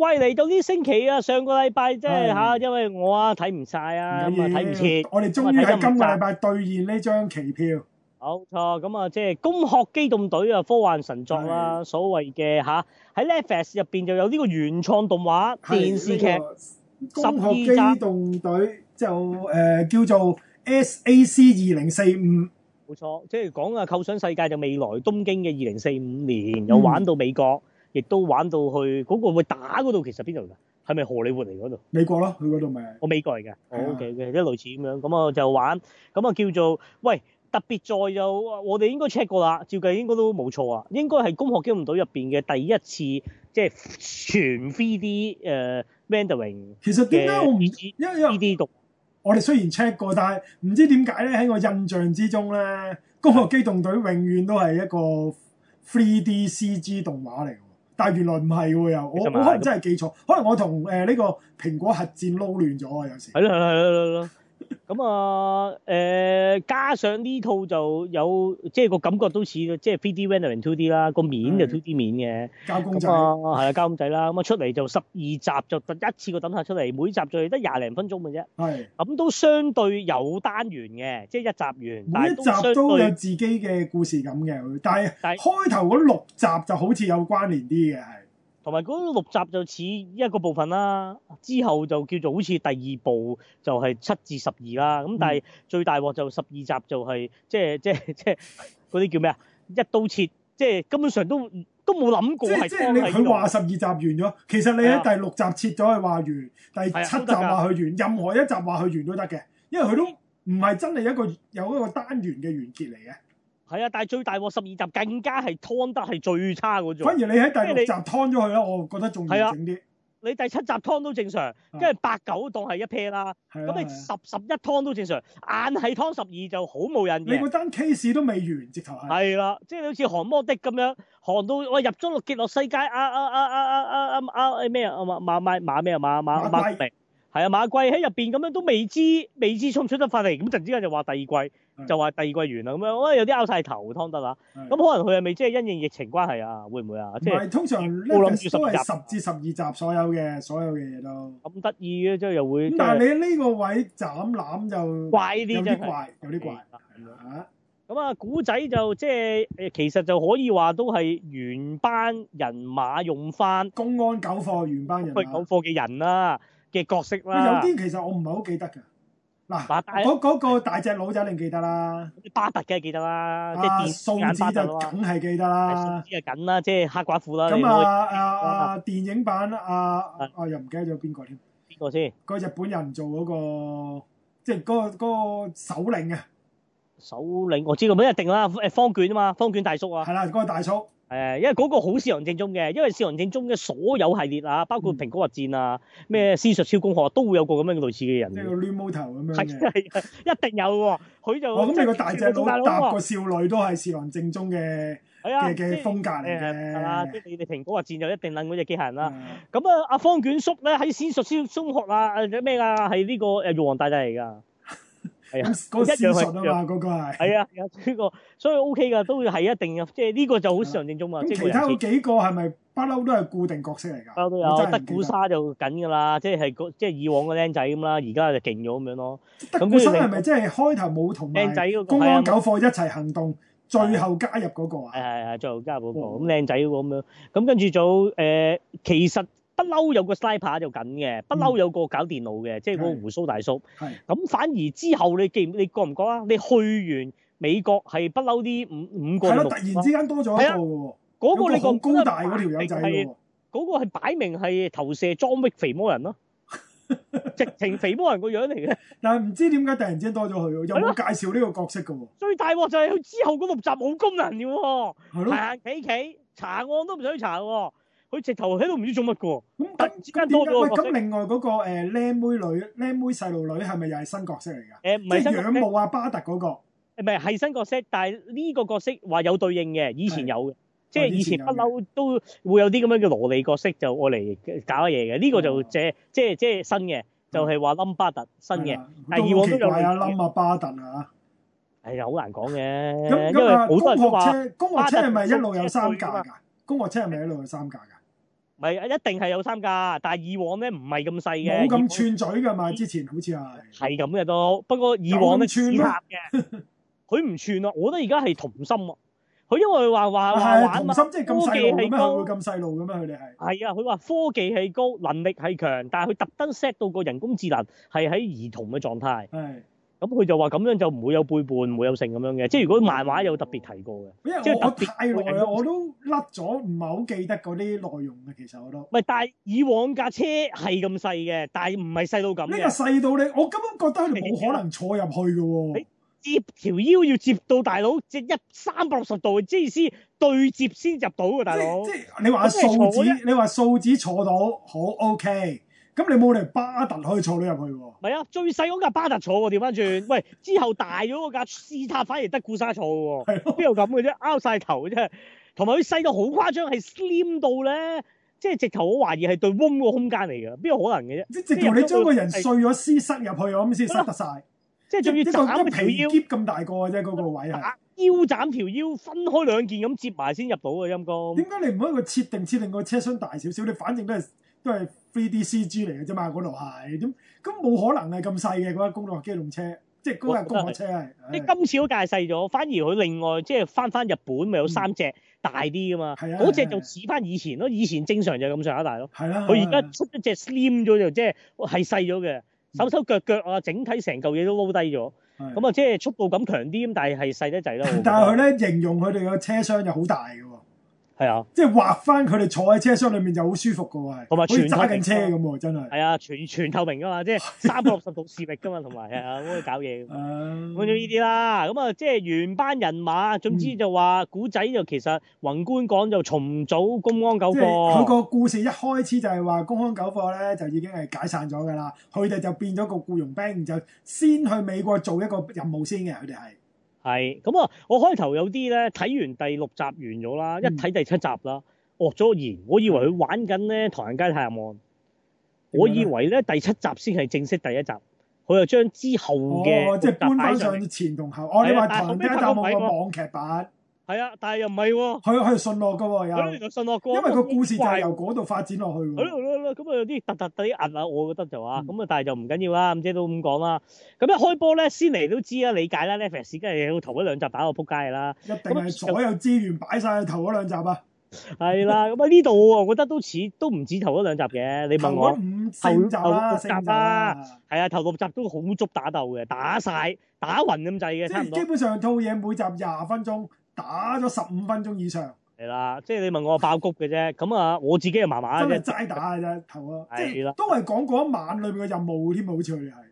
喂，嚟到呢星期啊，上個禮拜即係嚇，因為我啊睇唔晒啊，咁啊睇唔切。我哋終於喺今禮拜兌現呢張期票。冇錯，咁啊即係《攻殼機動隊》啊，科幻神作啊，所謂嘅吓，喺 Netflix 入邊就有呢個原創動畫電視劇《攻殼機動隊》，就誒叫做 SAC 二零四五。冇錯，即係講啊，構想世界就未來東京嘅二零四五年，又玩到美國。嗯亦都玩到去嗰個會打嗰度其實邊度㗎？係咪荷里活嚟嗰度？美國咯，去嗰度咪我美國嚟嘅。O K，即係類似咁樣咁啊，噉我就玩咁啊，噉就叫做喂特別在有我哋應該 check 過啦，照計應該都冇錯啊，應該係《攻殼機動隊》入邊嘅第一次即係、就是、全 three d 誒 rendering。其實點解我唔知？因為因為 3D 動我哋雖然 check 過，但係唔知點解咧喺我印象之中咧，《攻殼機動隊》永遠都係一個 three d CG 動畫嚟。但原來唔係喎，又我我可能真係記錯，可能我同誒呢個蘋果核戰撈亂咗啊，有時。係咯係咯係咯。咁啊，誒、呃，加上呢套就有，即係個感覺都似，即係 three D rendering two D 啦，個面就 two D 面嘅。加工仔，係啊，加工仔啦，咁啊出嚟就十二集，就一次個等下出嚟，每集就得廿零分鐘嘅啫。係，咁都相對有單元嘅，即係、就是、一集完，每一集都，都有自己嘅故事咁嘅，但係開頭嗰六集就好似有關聯啲嘅係。同埋嗰六集就似一個部分啦，之後就叫做好似第二部就係七至十二啦，咁但係最大鑊就十二集就係即係即係即係嗰啲叫咩啊？一刀切，即係根本上都都冇諗過係係。即係你佢話十二集完咗，其實你喺第六集切咗佢話完，第七集話佢完，任何一集話佢完都得嘅，因為佢都唔係真係一個有一個單元嘅完結嚟嘅。係啊，但係最大鑊十二集更加係劏得係最差嗰種。反而你喺第六集劏咗佢啊，我覺得仲完整啲、啊。你第七集劏都正常，跟住八九當係一 pair 啦。咁、啊、你十十一劏都正常，硬係劏十二就好冇人意。你嗰單 case 都未完，直頭係。係啦、啊，即係好似韓摩的咁樣，韓到我入咗極樂世界，啊啊啊啊啊啊啊啊咩啊？馬馬馬馬咩啊？馬馬馬明，係啊，馬季喺入邊咁樣都未知未知，未知出唔出得翻嚟？咁陣之間就話第二季。就話第二季完啦咁樣，我、哎、覺得有啲拗晒頭，湯得啊。咁可能佢係咪即係因應疫情關係啊，會唔會啊？即係，通常呢季都係十至十二集所有嘅，所有嘅嘢都。咁得意嘅，即係又會。但係你呢個位斬攬就怪啲，啫，有啲怪，有啲怪。咁啊，古仔就即係誒，其實就可以話都係原班人馬用翻。公安九課原班人馬。九課嘅人啦、啊、嘅角色啦、啊。有啲其實我唔係好記得㗎。嗱、啊，嗰個大隻佬仔你記得啦，巴特嘅記得啦，即係素子就梗係記得啦，素子就梗啦，即係黑寡婦啦。咁啊啊啊，電影版啊啊，啊又唔記得咗邊個添，邊個先？嗰日本人做嗰個，即係嗰個嗰個首領啊！首領，我知道名一定啦，誒荒卷啊嘛，荒卷大叔啊。係啦，嗰個大叔。誒，因為嗰個好士郎正宗嘅，因為士郎正宗嘅所有系列啊，包括《蘋果核戰》啊，咩《仙術超工學》都會有個咁樣嘅類似嘅人嘅，即係攣毛頭咁樣嘅， 一定有喎，佢就我諗你個大隻佬搭個少女都係士郎正宗嘅嘅嘅風格嚟嘅，即係你哋《蘋果核戰》就一定撚嗰隻機械人啦，咁、嗯、啊阿方卷叔咧喺《仙術超中學》啊誒咩啊，係呢、呢個誒玉皇大帝嚟噶。係，嗰線啊嘛，嗰個係。啊，呢、那個、啊啊那個啊啊啊那個、所以 OK 噶，都係一定嘅，即係呢個就好常正中即咁其他嗰幾個係咪不嬲都係固定角色嚟㗎？啊、的不嬲都有，德古沙就緊㗎啦，即係即係以往個僆仔咁啦，而家就勁咗咁樣咯。德古沙係咪即係開頭冇同埋？僆仔嗰個，係公安九課一齊行動、那個啊，最後加入嗰、那個啊？係係最後加入嗰、那個，咁僆仔嗰個咁樣，咁跟住就、呃，其實。不嬲有個 sniper 就緊嘅，不嬲有個搞電腦嘅，即係嗰個鬍鬚大叔。係。咁反而之後你記唔你覺唔覺啊？你去完美國係不嬲啲五五個六個。係咯，突然之間多咗一個嘅喎。嗰個你個高大嗰條友仔嘅喎。嗰個係擺明係、嗰個嗰個、投射裝逼肥魔人咯， 直情肥魔人個樣嚟嘅。但係唔知點解突然之間多咗佢喎？有冇介紹呢個角色嘅喎？最大鑊就係佢之後嗰六集冇功能嘅喎，行行企企查案都唔想查喎。佢直頭喺度唔知做乜噶咁突然之間多咗咁，另外嗰個誒，靚妹女、靚妹細路女係咪又係新角色嚟噶？誒、呃，唔係即係養啊巴特、嗰個，唔係，係新角色，但係呢個角色話有對應嘅，以前有嘅，即係、就是、以前不嬲都會有啲咁樣嘅蘿莉角色就過嚟搞嘢嘅，呢、這個就借即係即係新嘅，就係話冧巴特新嘅。咁都奇怪啊！冧啊巴特啊！係好難講嘅。咁因為攻殼車，攻殼車係咪一路有三架噶？攻殼車係咪一路有三架噶？唔係，一定係有三架，但係以往咧唔係咁細嘅。冇咁串嘴㗎嘛？之前好似係係咁嘅都。不過以往咧，佢唔串啊。我覺得而家係童心啊。佢因為話話玩童心，即係咁細路咩？會咁細路嘅咩？佢哋係係啊。佢話科技係高，能力係強，但係佢特登 set 到個人工智能係喺兒童嘅狀態。咁佢就話咁樣就唔會有背叛，唔會有性咁樣嘅。即係如果漫畫有特別提過嘅，即係我太耐我都甩咗，唔係好記得嗰啲內容嘅。其實我都唔係，但係以往架車係咁細嘅，但係唔係細到咁嘅。呢個細到你，我根本覺得佢冇可能坐入去㗎喎、啊。你接條腰要接到大佬，即係一三百六十度即意思對接先入到嘅，大佬。即係你話數字，你話數字坐到好 OK。咁你冇嚟巴特可以坐你入去喎、啊？係啊，最細嗰架巴特坐喎，調翻轉。 喂，之後大咗嗰架斯塔反而得固沙坐嘅喎。係 咯、啊，邊度咁嘅啫？拗晒頭嘅啫，同埋佢細到好誇張，係 slim 到咧，即係直頭我懷疑係對翁個空間嚟嘅，邊有可能嘅、啊、啫？即直頭你將個人碎咗屍塞入去，我諗先塞得晒。即係仲要啲斬條腰咁大個嘅啫，嗰、那個位係腰斬條腰，分開兩件咁接埋先入到嘅陰公，點解你唔可以設定設定個車廂大少少？你反正都係。都係 3D CG 嚟嘅啫嘛，嗰度係咁，咁冇可能係咁細嘅，嗰公路機動車，即係嗰日公路車你、那個、今次好介細咗，反而佢另外即係翻翻日本咪有三隻、嗯、大啲噶嘛，好只、啊、就似翻以前咯、啊啊，以前正常就咁上下大咯。係啦、啊。佢而家出一隻 Slim 咗就即係係細咗嘅，手手腳腳啊，整體成嚿嘢都撈低咗。咁啊，就即係速度感強啲，但係係細得滯咯。但係佢咧形容佢哋嘅車廂就好大。係啊，即係畫翻佢哋坐喺車廂裏面就好舒服噶喎，同埋全揸緊車咁喎，真係。係啊，全全透明噶嘛，即係三百六十度視力噶嘛，同埋係啊，可以搞嘢。講咗呢啲啦，咁啊，即係原班人馬。總之就話古仔就其實宏觀講就重組公安九課。即係佢個故事一開始就係話公安九課咧就已經係解散咗噶啦，佢哋就變咗個僱傭兵，就先去美國做一個任務先嘅，佢哋係。係咁啊！我開頭有啲咧睇完第六集完咗啦，一睇第七集啦，愕、嗯、咗、哦、然，我以為佢玩緊咧《唐人街探案》，我以為咧第七集先係正式第一集，佢又將之後嘅、哦，即係半上前同後。我、哦、你話《唐人街探案、啊》網劇版。啊係啊，但係又唔係喎。係啊，佢順落噶，有。咁你就順落個。因為個故事就係由嗰度發展落去。咁啊，有啲突突啲壓下，我覺得就話咁啊， 嗯、但係就係就唔緊要啦。咁即係都咁講啦。咁一開波咧，先嚟都知啊，理解啦。Netflix 梗係要頭嗰兩集打個撲街啦。一定係所有資源擺晒去頭嗰兩集啊。係啦，咁啊呢度我覺得都似都唔止頭嗰兩集嘅。你問我。五集啦，集、啊、啦。係啊，頭六集都好足打鬥嘅，打晒，打暈咁滯嘅，差唔多。基本上套嘢每集廿分鐘。打咗十五分鐘以上，係啦，即係你問我爆谷嘅啫。咁啊，我自己啊麻麻啫，齋打嘅啫 頭啊，即係都係講嗰一晚裏邊嘅任務添喎，好似佢哋係，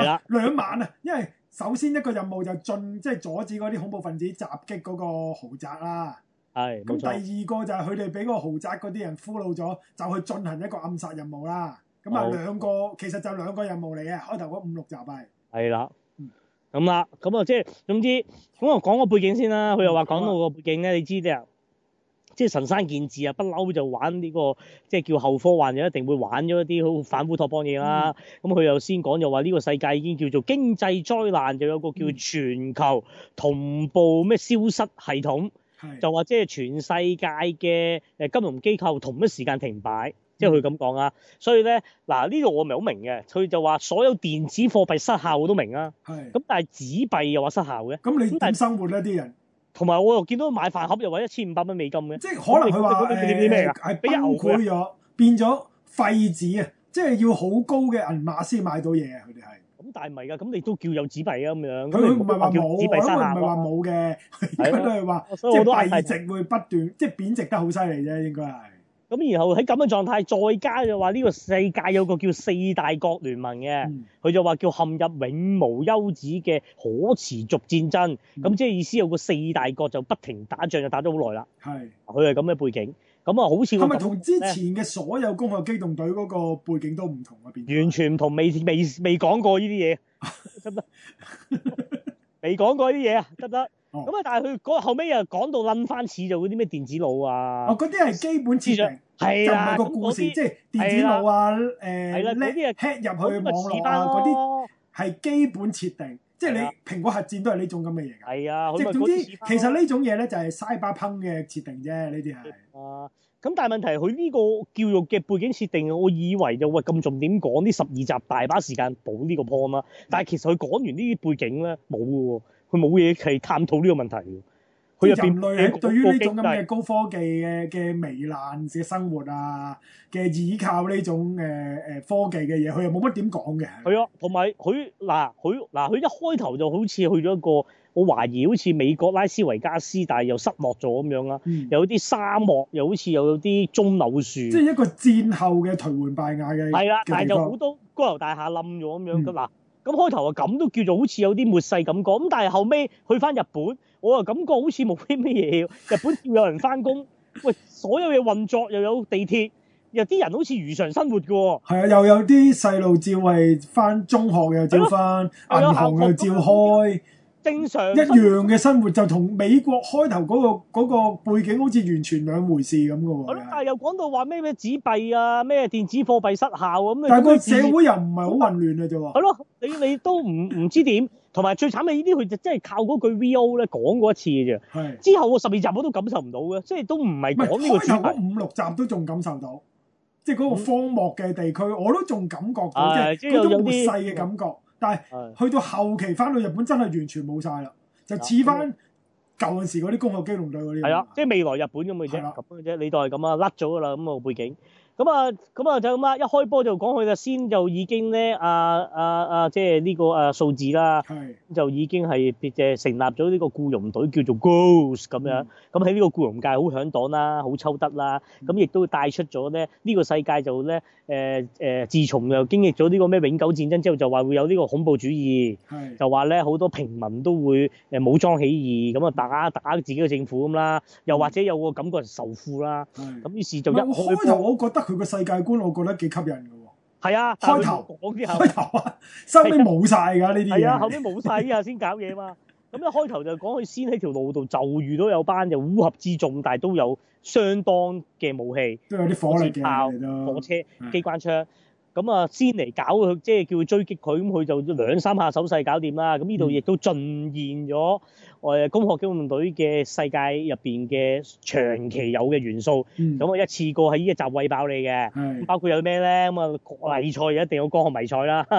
係啦，兩晚啊，因為首先一個任務就進即係、就係、阻止嗰啲恐怖分子襲擊嗰個豪宅啦，係，咁第二個就係佢哋俾嗰個豪宅嗰啲人俘虜咗，就去進行一個暗殺任務啦。咁啊兩個其實就兩個任務嚟嘅，開頭嗰五六集係。係啦。咁、嗯、啦，咁啊，即係總之，咁我講個背景先啦。佢又話講到個背景咧，你知啲呀？即、就是、神山健治啊，不嬲就玩呢、這個，即、就、係、是、叫後科幻就一定會玩咗一啲好反烏托邦嘢啦。咁佢又先講就話呢個世界已經叫做經濟災難，就有個叫全球同步咩消失系統，就話即係全世界嘅誒金融機構同一時間停擺。即係佢咁講啊，所以咧嗱呢度我唔係好明嘅，佢就話所有電子貨幣失效我都明啊。係。咁但係紙幣又話失效嘅，咁你點生活咧啲人？同埋我又見到買飯盒又話一千五百蚊美金嘅。即係可能佢話咩？係被扭曲咗，變咗廢紙啊！即係要好高嘅銀碼先買到嘢啊。佢哋係。咁但係唔係噶？咁你都叫有紙幣啊？咁樣。佢唔係話冇，佢唔係話冇嘅，佢都係話即係幣值會不斷即係貶值得好犀利啫，應該係。咁然後喺咁嘅狀態，再加就話呢個世界有個叫四大國聯盟嘅，佢就話叫陷入永無休止嘅可持續戰爭。咁即係意思有個四大國就不停打仗，就打咗好耐啦。係，佢係咁嘅背景。咁啊，好似係咪同之前嘅所有攻殼機動隊嗰個背景都唔同啊？完全唔同，未未未講過呢啲嘢，得 得？ 未講過呢啲嘢，得唔得？咁、哦、啊！但係佢嗰後尾又講到撚翻似就嗰啲咩電子腦啊！哦，嗰啲係基本設定，係啊，就唔係個故事、嗯、即係電子腦啊，誒，叻啲嘢 hack 入去網絡啊，嗰啲係基本設定，即係你蘋果核戰都係呢種咁嘅嘢。係啊，即係總之，其實呢種嘢咧就係 Cyberpunk 嘅設定啫，呢啲係。啊，咁但係問題佢呢個教育嘅背景設定，我以為就喂咁重點講呢十二集大把時間補呢個 point 啦。但係其實佢講完呢啲背景咧，冇喎。佢冇嘢係探討呢個問題嘅。佢人類喺對於呢種咁嘅高科技嘅嘅糜爛嘅生活啊，嘅倚靠呢種誒誒科技嘅嘢，佢又冇乜點講嘅。係啊，同埋佢嗱佢嗱佢一開頭就好似去咗一個，我懷疑好似美國拉斯維加斯，但係又失落咗咁樣啦、嗯。有啲沙漠，又好似又有啲棕柳樹。即係一個戰後嘅頹垣敗瓦嘅。係啦、啊，但係就好多高樓大廈冧咗咁樣嘅嗱。嗯。咁開頭啊，咁都叫做好似有啲末世感覺。咁但係後尾去翻日本，我又感覺好似冇啲咩嘢。日本要有人翻工， 喂，所有嘢運作又有地鐵，有啲人好似如常生活㗎喎、哦。啊，又有啲細路照係翻中學，又照翻、啊、銀行，又照開。正常一樣嘅生活，就同美國開頭嗰個嗰個背景好似完全兩回事咁嘅喎。係咯，但係又講到話咩咩紙幣啊，咩電子貨幣失效咁。但係個社會又唔係好混亂嘅啫喎。係咯，你你都唔唔 知點，同埋最慘嘅呢啲，佢就真係靠嗰句 V O 咧講過一次嘅啫。係。之後十二集我都感受唔到嘅，即係都唔係講呢個主題。五六集都仲感受到，即係嗰個荒漠嘅地區，嗯、我都仲感覺到，即係嗰種細嘅感覺。嗯嗯但係去到後期翻到日本真係完全冇晒啦，就似翻舊陣時嗰啲攻殼機動隊嗰啲咁。係啊，即係未來日本咁嘅啫。係咁嘅啫，你都係咁啊，甩咗噶啦咁個背景。咁啊，咁啊就咁啊，一開波就講佢啦，先就已經咧，啊啊啊，即係呢個啊數字啦，就已經係成立咗呢個僱傭隊叫做 Ghost 咁樣，咁喺呢個僱傭界好響檔啦，好抽得啦，咁亦都帶出咗咧呢個世界就咧、呃呃、自從又經歷咗呢個咩永久戰爭之後，就話會有呢個恐怖主義，就話咧好多平民都會誒武裝起義咁啊打打自己嘅政府咁啦，又或者有個感覺仇富啦，咁、嗯、於是就一是我開我覺得。佢個世界觀我覺得幾吸引嘅喎、哦，係啊講啲，開頭，開頭啊，收尾冇晒㗎呢啲嘢，係啊，啊，後尾冇晒，依下先搞嘢嘛。咁 一開頭就講佢先喺條路度就遇到一班有班就烏合之眾，但係都有相當嘅武器，都有啲火力炮、火車、啊、機關槍。咁啊，先嚟搞佢，即係叫佢追擊佢，咁佢就兩三下手勢搞掂啦。咁呢度亦都盡現咗我哋攻殼機動隊嘅世界入邊嘅長期有嘅元素。咁我，一次過喺呢一集喂爆你嘅。咁包括有咩咧？咁啊，迷彩又一定有光學迷彩啦。咁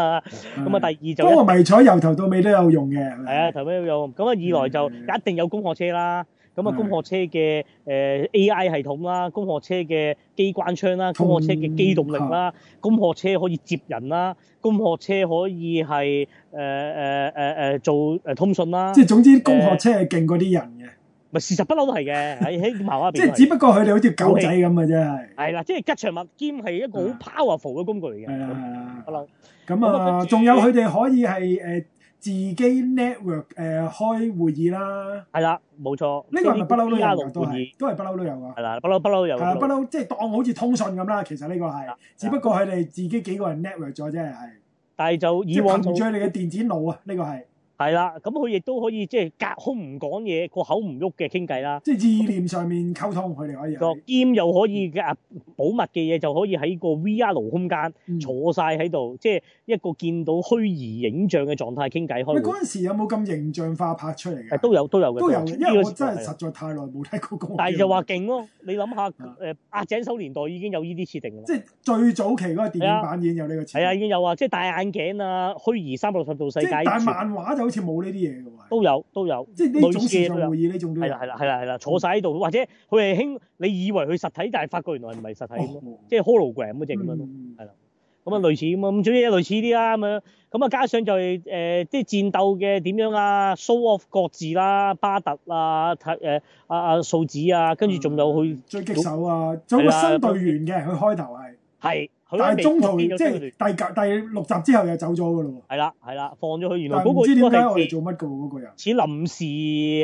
啊，第二就個迷彩由頭到尾都有用嘅。係啊，頭尾都有用。咁啊，二來就一定有攻殼車啦。咁啊！攻殼車嘅 AI 系統啦，攻殼車嘅機關槍啦，攻殼車嘅機動力啦，攻殼車可以接人啦，攻殼車可以係誒誒做通訊啦。即係總之攻殼、呃，攻殼車係勁過啲人嘅，咪事實不嬲都係嘅。喺喺某方面，即係只不過佢哋好似狗仔咁嘅啫。係、okay，啦，即係吉祥物兼係一個好 powerful 嘅工具嚟嘅。係啊係啊，咁啊，仲、嗯嗯嗯、有佢哋可以係誒。嗯自己 network 誒、呃、開會議啦，係啦，冇錯，呢、這個係咪不嬲都有、GR6、都係，都係不嬲都有㗎，係啦，不嬲不嬲有，但係不嬲即係當好似通訊咁啦。其實呢個係，只不過佢哋自己幾個人 network 咗啫，係。但係就以往，即係憑著你嘅電子腦啊，呢、這個係。係啦，咁佢亦都可以即係隔空唔講嘢，個口唔喐嘅傾偈啦。即係意念上面溝通佢哋可以。個、嗯、兼又可以嘅保密嘅嘢就可以喺個 V R 空間坐晒喺度，即係一個見到虛擬影像嘅狀態傾偈。開。喂，嗰時有冇咁形象化拍出嚟㗎？都有都有嘅。都有。因為我真係實在太耐冇睇過。但係就話勁咯，你諗下誒阿井守年代已經有呢啲設定啦。即係最早期嗰個電影版已經有呢個設定。係啊，已經有啊，即係戴眼鏡啊，虛擬三百六十度世界。漫畫就。好似冇呢啲嘢㗎喎，都有都有，即係呢種線上會議呢種都係啦，係啦，係啦，係啦，坐晒喺度，或者佢係興，你以為佢實體，但係發覺原來唔係實體、哦、即係 hologram 咁即係點樣咯，係、嗯、啦，咁啊類似咁啊，咁仲有類似啲啦咁樣，咁啊加上就係誒即係戰鬥嘅點樣啊，show off 各自啦，巴特啦，誒阿阿素子啊，跟住仲有去、嗯、狙擊手啊，仲有個新隊員嘅，佢開頭係。係，但係中途即係第第六集之後又走咗噶咯。係啦，係啦，放咗佢原來個。但係唔知點解我哋做乜噶嗰個人似臨時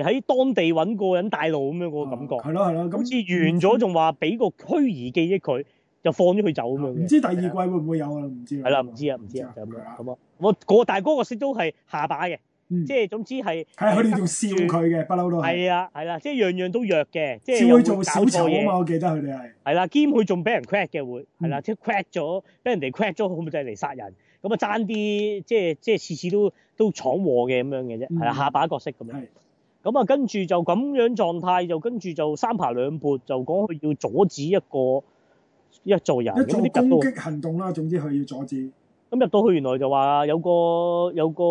喺當地搵個人帶路咁樣個感覺。係咯係咯，咁似完咗仲話俾個虛擬記憶佢、嗯，就放咗佢走咁樣。唔知第二季會唔會有啊？唔知係啦，唔知啊，唔知啊，咁啊，我個大哥個色都係下擺嘅。即、嗯、係總之係，係佢哋仲笑佢嘅，不嬲都係。係啊，係啦，即係樣樣都弱嘅，即係。只會做小丑啊嘛，我記得佢哋係。係啦，兼佢仲俾人 crack 嘅會，係啦，即係 crack 咗，俾人哋 crack 咗後咪就嚟、是、殺人，咁啊爭啲，即係即係次次都都闖禍嘅咁樣嘅啫，係啊、嗯，下把角色咁樣。咁啊，跟住就咁樣狀態，就跟住就三爬兩撥，就講佢要阻止一個一做人一組人咁啲攻擊行動啦。總之佢要阻止。咁入到去原來就話有個有個誒。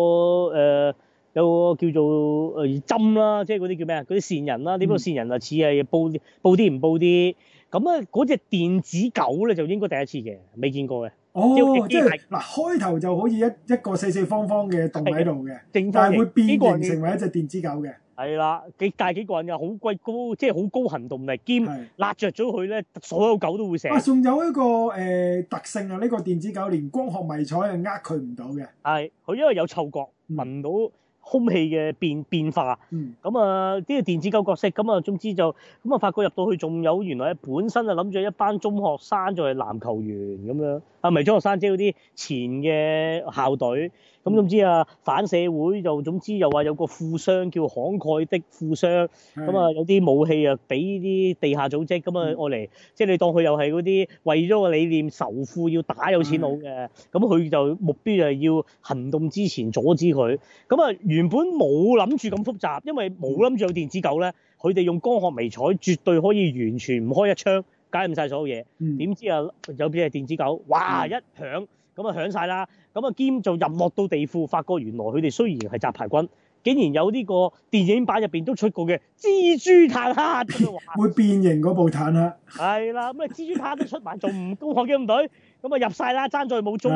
呃有個叫做針啦，即係嗰啲叫咩啊？嗰啲線人啦，啲嗰個線人啊，似係報啲報啲唔報啲。咁咧，嗰隻電子狗咧，就應該第一次嘅，未見過嘅。哦，即係嗱，開頭就好似一一個四四方方嘅洞喺度嘅，定係會變個人成為一隻電子狗嘅。係、這、啦、個，幾大幾個人嘅好鬼高，即係好高行動力，兼拉着咗佢咧，所有狗都會醒。啊，仲有一個、呃、特性啊，呢、這個電子狗連光學迷彩係呃佢唔到嘅。係，佢因為有嗅覺，聞到、嗯。空氣嘅變,變化，咁、嗯、啊啲電子狗角色，咁啊總之就咁啊發覺入到去仲有原來本身就諗住一班中學生做籃球員咁樣啊，啊唔係中學生即係嗰啲前嘅校隊。咁總之啊，反社會就總之又話有個富商叫慷慨的富商，咁啊有啲武器啊俾啲地下組織咁啊愛嚟，即係你當佢又係嗰啲為咗個理念仇富要打有錢佬嘅，咁佢就目標就係要行動之前阻止佢。咁啊原本冇諗住咁複雜，因為冇諗住有電子狗咧，佢哋用光學迷彩絕對可以完全唔開一槍解唔晒所有嘢。點、嗯、知啊有啲係電子狗，哇一響！嗯咁啊，響晒啦！咁啊，兼做入落到地庫，發覺原來佢哋雖然係雜牌軍，竟然有呢個電影版入邊都出過嘅蜘蛛坦克咁樣玩，會變形嗰部坦克。係啦，咁啊，蜘蛛坦克都出埋，仲 唔高嘅擊隊？咁啊，入晒啦，爭在冇中，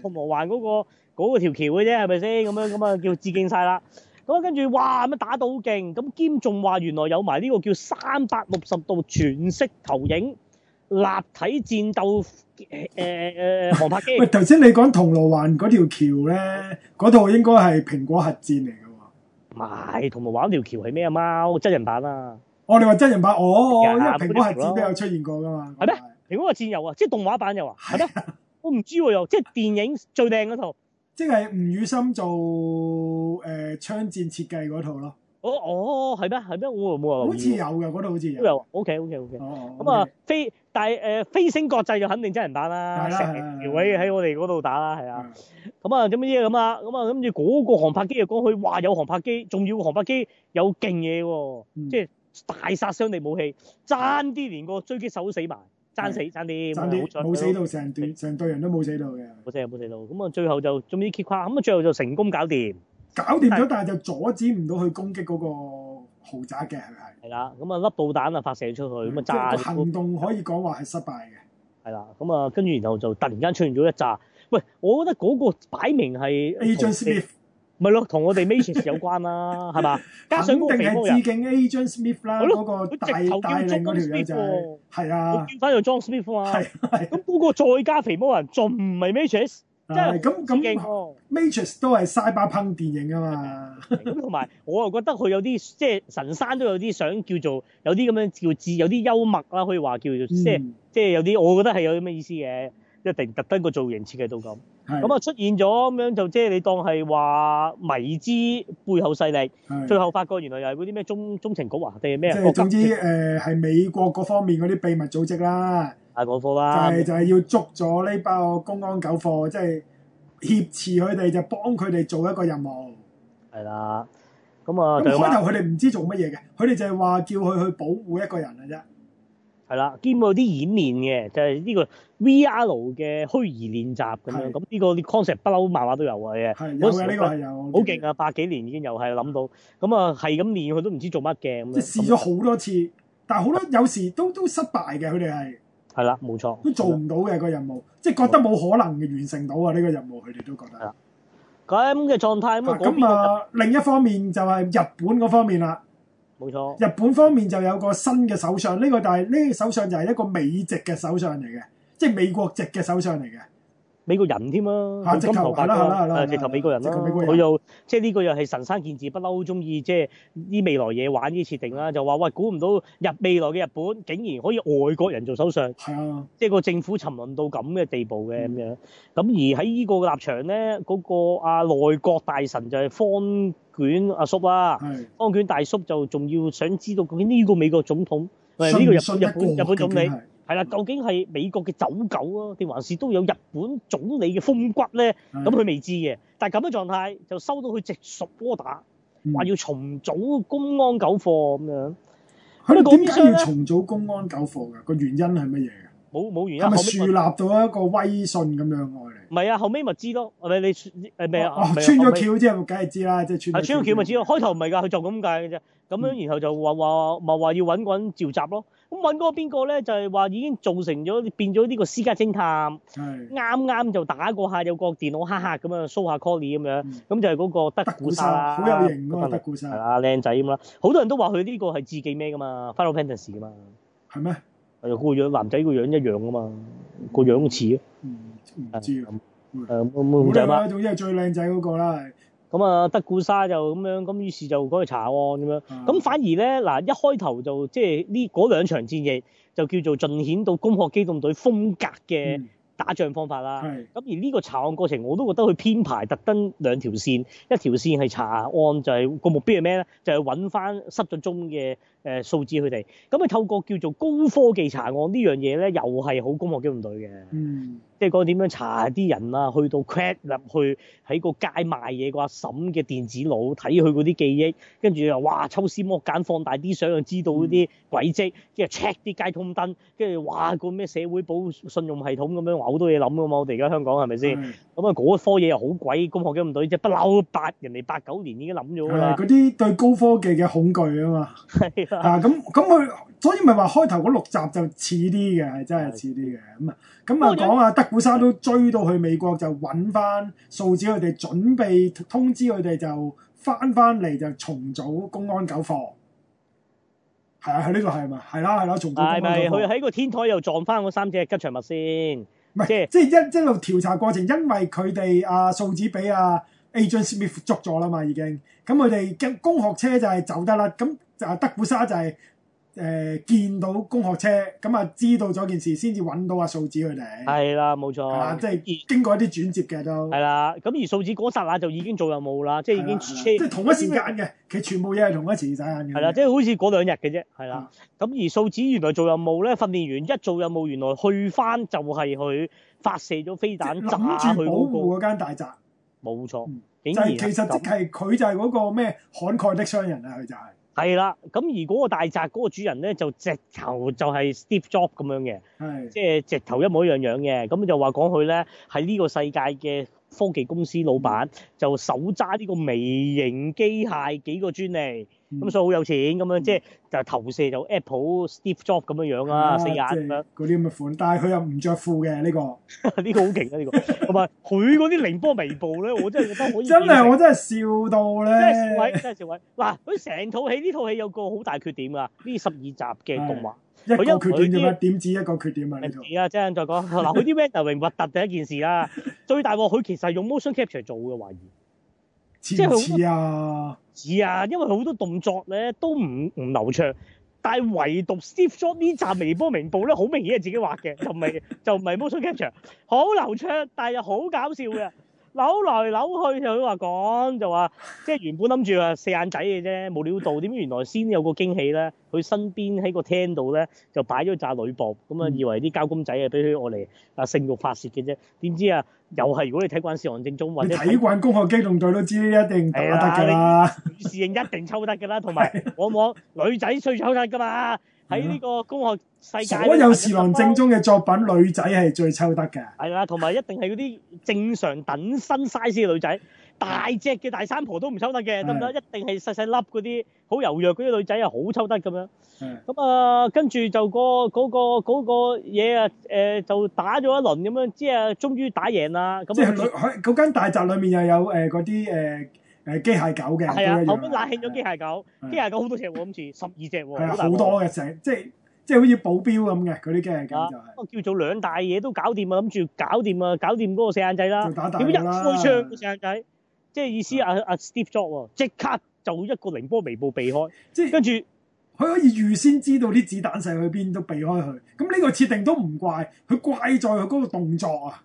同 我玩嗰、嗰個嗰、嗰個條橋嘅啫，係咪先？咁樣咁啊，叫致敬晒啦！咁啊，跟住哇，咁啊，打到好勁！咁兼仲話原來有埋呢個叫三百六十度全息投影。立體戰鬥誒誒誒，航拍機。 喂，頭先你講銅鑼灣嗰條橋咧，嗰套應該係蘋果核戰嚟噶喎。唔係，銅鑼灣條橋係咩啊？貓真人版啊？哦，你話真人版，哦，哦，因為蘋果核戰都有出現過噶嘛。係咩？蘋果核戰有啊，即係動畫版有啊？係咩？ 我唔知又、啊，即係電影最靚嗰套，即係吳宇森做誒槍戰設計嗰套咯。哦，係咩？係咩？我冇啊，好似有嘅，嗰度好似有。都、哦、有。O K O K O K。咁啊，飛，但係誒飛星國際就肯定真人打啦，成條位喺我哋嗰度打啦，係啊。咁啊，點乜嘢咁啊？咁啊，諗住嗰個航拍機啊，講佢話有航拍機，仲要航拍機有勁嘢喎，即係大殺傷力武器，爭啲連個狙擊手都死埋，爭死爭啲。冇死到成隊，成隊，隊人都冇死到嘅。冇死又冇死到。咁啊，最後就仲要揭胯，咁啊，最後就成功搞掂。搞掂咗，但係就阻止唔到佢攻擊嗰個豪宅嘅，係係。係、嗯、啦，咁啊粒導彈啊發射出去，咁啊炸。行動可以講話係失敗嘅。係啦，咁啊跟住然後就突然間出現咗一炸。喂，我覺得嗰個擺明係。Agent Smith。唔係咯，同我哋 Matrix 有關啦、啊，係 嘛？肯定係致敬 Agent Smith 啦，嗰 個大直大隻嗰條人就係。係啊。叫翻個 John Smith 啊。咁嗰、啊啊啊啊、個再加肥魔人仲唔係 Matrix？即係咁咁，Matrix 都係 Cyberpunk 電影啊嘛。咁同埋，我又覺得佢有啲即係神山都有啲想叫做有啲咁樣叫有啲幽默啦，可以話叫做即係即係有啲，我覺得係有啲咩意思嘅。一定特登個造型設計到咁。咁啊出現咗咁樣就即係、就是、你當係話迷之背後勢力，最後發覺原來又係嗰啲咩中中情局啊定係咩啊？就是、總之係、呃、美國各方面嗰啲秘密組織啦。太過火啦！就係就係要捉咗呢班公安九課，即係挾持佢哋，就幫佢哋做一個任務。係啦，咁、嗯、啊，咁開頭佢哋唔知做乜嘢嘅，佢哋就係話叫佢去保護一個人啊。啫。係啦，兼有啲演練嘅，就係呢個 V R 嘅虛擬練習咁樣。咁呢個 concept 不嬲漫畫都有嘅。係，有嘅呢個係有。好勁啊！八幾年已經又係諗到，咁啊係咁練佢都唔知做乜嘅。即係試咗好多次，但係好多 有時都都失敗嘅，佢哋係。係啦，冇錯，都做唔到嘅個任務，即係覺得冇可能完成到啊！呢個任務佢哋都覺得。咁嘅狀態咁啊嘛，咁啊，另一方面就係日本嗰方面啦。冇錯，日本方面就有個新嘅首相，呢個就係呢個首相就係一個美籍嘅首相嚟嘅，即係美國籍嘅首相嚟嘅。美國人添啊，金頭髮，誒直頭美國人啦，佢又即係呢個又係神山健治不嬲，中意即係啲未來嘢玩呢個設定啦，就話喂，估唔到入未來嘅日本竟然可以外國人做首相，係啊，即係個政府沉淪到咁嘅地步嘅咁樣。咁、嗯、而喺呢個立場咧，嗰、那個啊內閣大臣就係方卷阿、啊、叔啦、啊，方卷大叔就仲要想知道究竟呢個美國總統，誒呢個日日本日本總理。信係啦，究竟係美國嘅走狗啊，定還是都有日本總理嘅風骨咧？咁佢未知嘅，但係咁樣狀態就收到佢直屬柯打，話、嗯、要重組公安九課咁樣。佢哋點解要重組公安九課嘅？個原因係乜嘢，冇冇原因？係樹立咗一個威信咁樣愛嚟？唔係啊，後尾咪知咯。我哋你誒咩啊，啊，啊，啊，啊？穿咗橋之後，梗係知啦，即係穿。穿咗橋咪知咯，開頭唔係㗎，佢就咁計嘅啫。咁、嗯、樣，然後就話話，話話要揾個人召集囉。咁揾嗰個邊個呢？就係、是、話已經做成咗變咗呢個私家偵探，啱啱就打過下有個電腦黑客咁啊，show 下 call 咁樣，咁就係嗰個德古沙啦，好有型啊嘛，德古沙係啊，靚、那個、仔咁啦。好多人都話佢呢個係自己咩㗎嘛 Final Fantasy 噶嘛。係咩？係個樣男仔個樣一樣㗎嘛，個樣好似啊。唔、嗯、知啊。誒、嗯，靚仔啊，總之係最靚仔嗰個啦咁啊，德古沙就咁樣，咁於是就去查案咁樣，咁反而咧，嗱一開頭就即係呢嗰兩場戰役就叫做盡顯到攻殼機動隊風格嘅打仗方法啦。咁而呢個查案過程，我都覺得佢編排特登兩條線，一條線係查案，就係、是、個目標係咩咧？就係揾翻失咗蹤嘅。誒數字佢哋，咁啊透過叫做高科技查案樣呢樣嘢咧，又係好攻殼機動隊嘅。嗯。即係講點樣查啲人啊，去到 cut 入去喺個街賣嘢、嗰個阿嬸嘅電子腦，睇佢嗰啲記憶，跟住又哇抽絲剝繭，放大啲相，就知道嗰啲軌跡，即係 check 啲街通燈，跟住哇個咩社會保信用系統咁樣，好多嘢諗啊嘛，我哋而家香港係咪先？咁啊嗰科嘢又好鬼攻殼機動隊啫，不嬲八人哋八九年已經諗咗㗎啦。係。嗰啲對高科技嘅恐懼啊嘛。係。 啊咁咁佢，所以咪話開頭嗰六集就似啲嘅，係真係似啲嘅。咁啊咁啊講啊，德古沙都追到去美國就揾翻數字。佢哋，準備通知佢哋就翻翻嚟就重組公安九課係啊，喺呢度係嘛，係啦係啦，重組公安。係咪佢喺個天台又撞翻嗰三隻吉祥物先？唔係即係一一路調查過程，因為佢哋、啊、數字俾啊。agent s 捉咗啦嘛，已經咁佢哋工學車就係走得甩，咁啊德古沙就係、是呃、見到工學車，咁啊知道咗件事先至揾到阿數子佢哋。係啦，冇錯，即係、就是、經過一啲轉接嘅都。係啦，咁而數子嗰剎那就已經做任務啦，即係已經車。即係同一時間嘅，其實全部嘢係同一時間嘅。係啦，即、就、係、是、好似嗰兩日嘅啫，係啦。咁而數子原來做任務咧，訓練員一做任務，原來去翻就係佢發射咗飛彈，攔、就、住、是、保護嗰間大宅。冇錯、嗯，竟然其實即係佢就係嗰個咩慷慨的商人啊，佢就係係啦。咁而嗰個大宅嗰個主人咧，就直頭就係 Steve Jobs 咁樣嘅，即係、就是、直頭一模一樣樣嘅。咁就話講佢咧喺呢個世界嘅科技公司老闆，嗯、就手揸呢個微型機械幾個專利。咁、嗯、所以好有錢咁、嗯、樣，即係就投射就 Apple Steve Jobs 咁樣樣啊，四眼咁樣。嗰啲咁嘅款，但係佢又唔着褲嘅呢、這個，呢 個好勁啊呢、 這個，同埋佢嗰啲凌波微步咧，我真係覺得可以。真係，我真係笑到咧。即係笑位，真係笑位。嗱，佢成套戲呢套戲有一個好大缺點啊，呢十二集嘅動畫，佢有缺點，點解，點止一個缺點什麼啊？你啊，即係再講嗱，佢啲 weathering 核突第一件事啦、啊。 最大喎，佢其實係用 motion capture 做嘅懷疑。即係佢好似啊，似啊，因為佢好多動作咧都唔唔流暢，但係唯獨 Steve Jobs 呢集微波明報咧，好明顯係自己畫嘅， 就唔係就唔係 motion capture，好流暢，但係又好搞笑嘅。扭來扭去就話講就話，即係原本諗住啊四眼仔嘅啫，冇料到點解原來先有個驚喜咧？佢身邊喺個廳度咧就擺咗紮女僕，咁啊以為啲膠公仔啊俾佢我嚟啊性欲發泄嘅啫，點知啊又係如果你睇慣《士郎正宗》或者睇慣《攻殼機動隊》都知道一定唔得嘅啦。侍應、啊、一定抽得嘅啦，同 埋往往女仔最抽得噶嘛？喺呢個攻殼世界，所有士郎正宗嘅作品，女仔係最抽得嘅。係啦，同埋一定係嗰啲正常等身 size 嘅女仔，大隻嘅大三婆都唔抽得嘅，得唔得？一定係細細粒嗰啲好柔弱嗰啲女仔啊，好抽得咁樣。咁啊，跟、嗯、住、呃、就、嗰個嗰、嗰個、嗰個嘢啊，誒、呃、就打咗一輪咁樣，即、呃、係終於打贏啦。即係裏喺嗰間大宅裏面又有誒嗰啲誒。呃誒機械狗嘅，啊！後屘拉興咗機械狗，啊、機械狗好多隻喎，諗住十二隻喎，好、啊、多嘅成，即係即係好似保鏢咁嘅嗰啲機械狗、就係。就、啊、叫做兩大嘢都搞掂啊，諗住搞掂啊，搞掂嗰個四眼仔了啦。點一開槍個四眼仔，即係意思啊阿、啊啊、Steve Jobs 即刻就一個凌波微步避開，即係跟住佢可以預先知道啲子彈射去邊都避開佢。咁呢個設定都唔怪，佢怪在佢嗰個動作啊，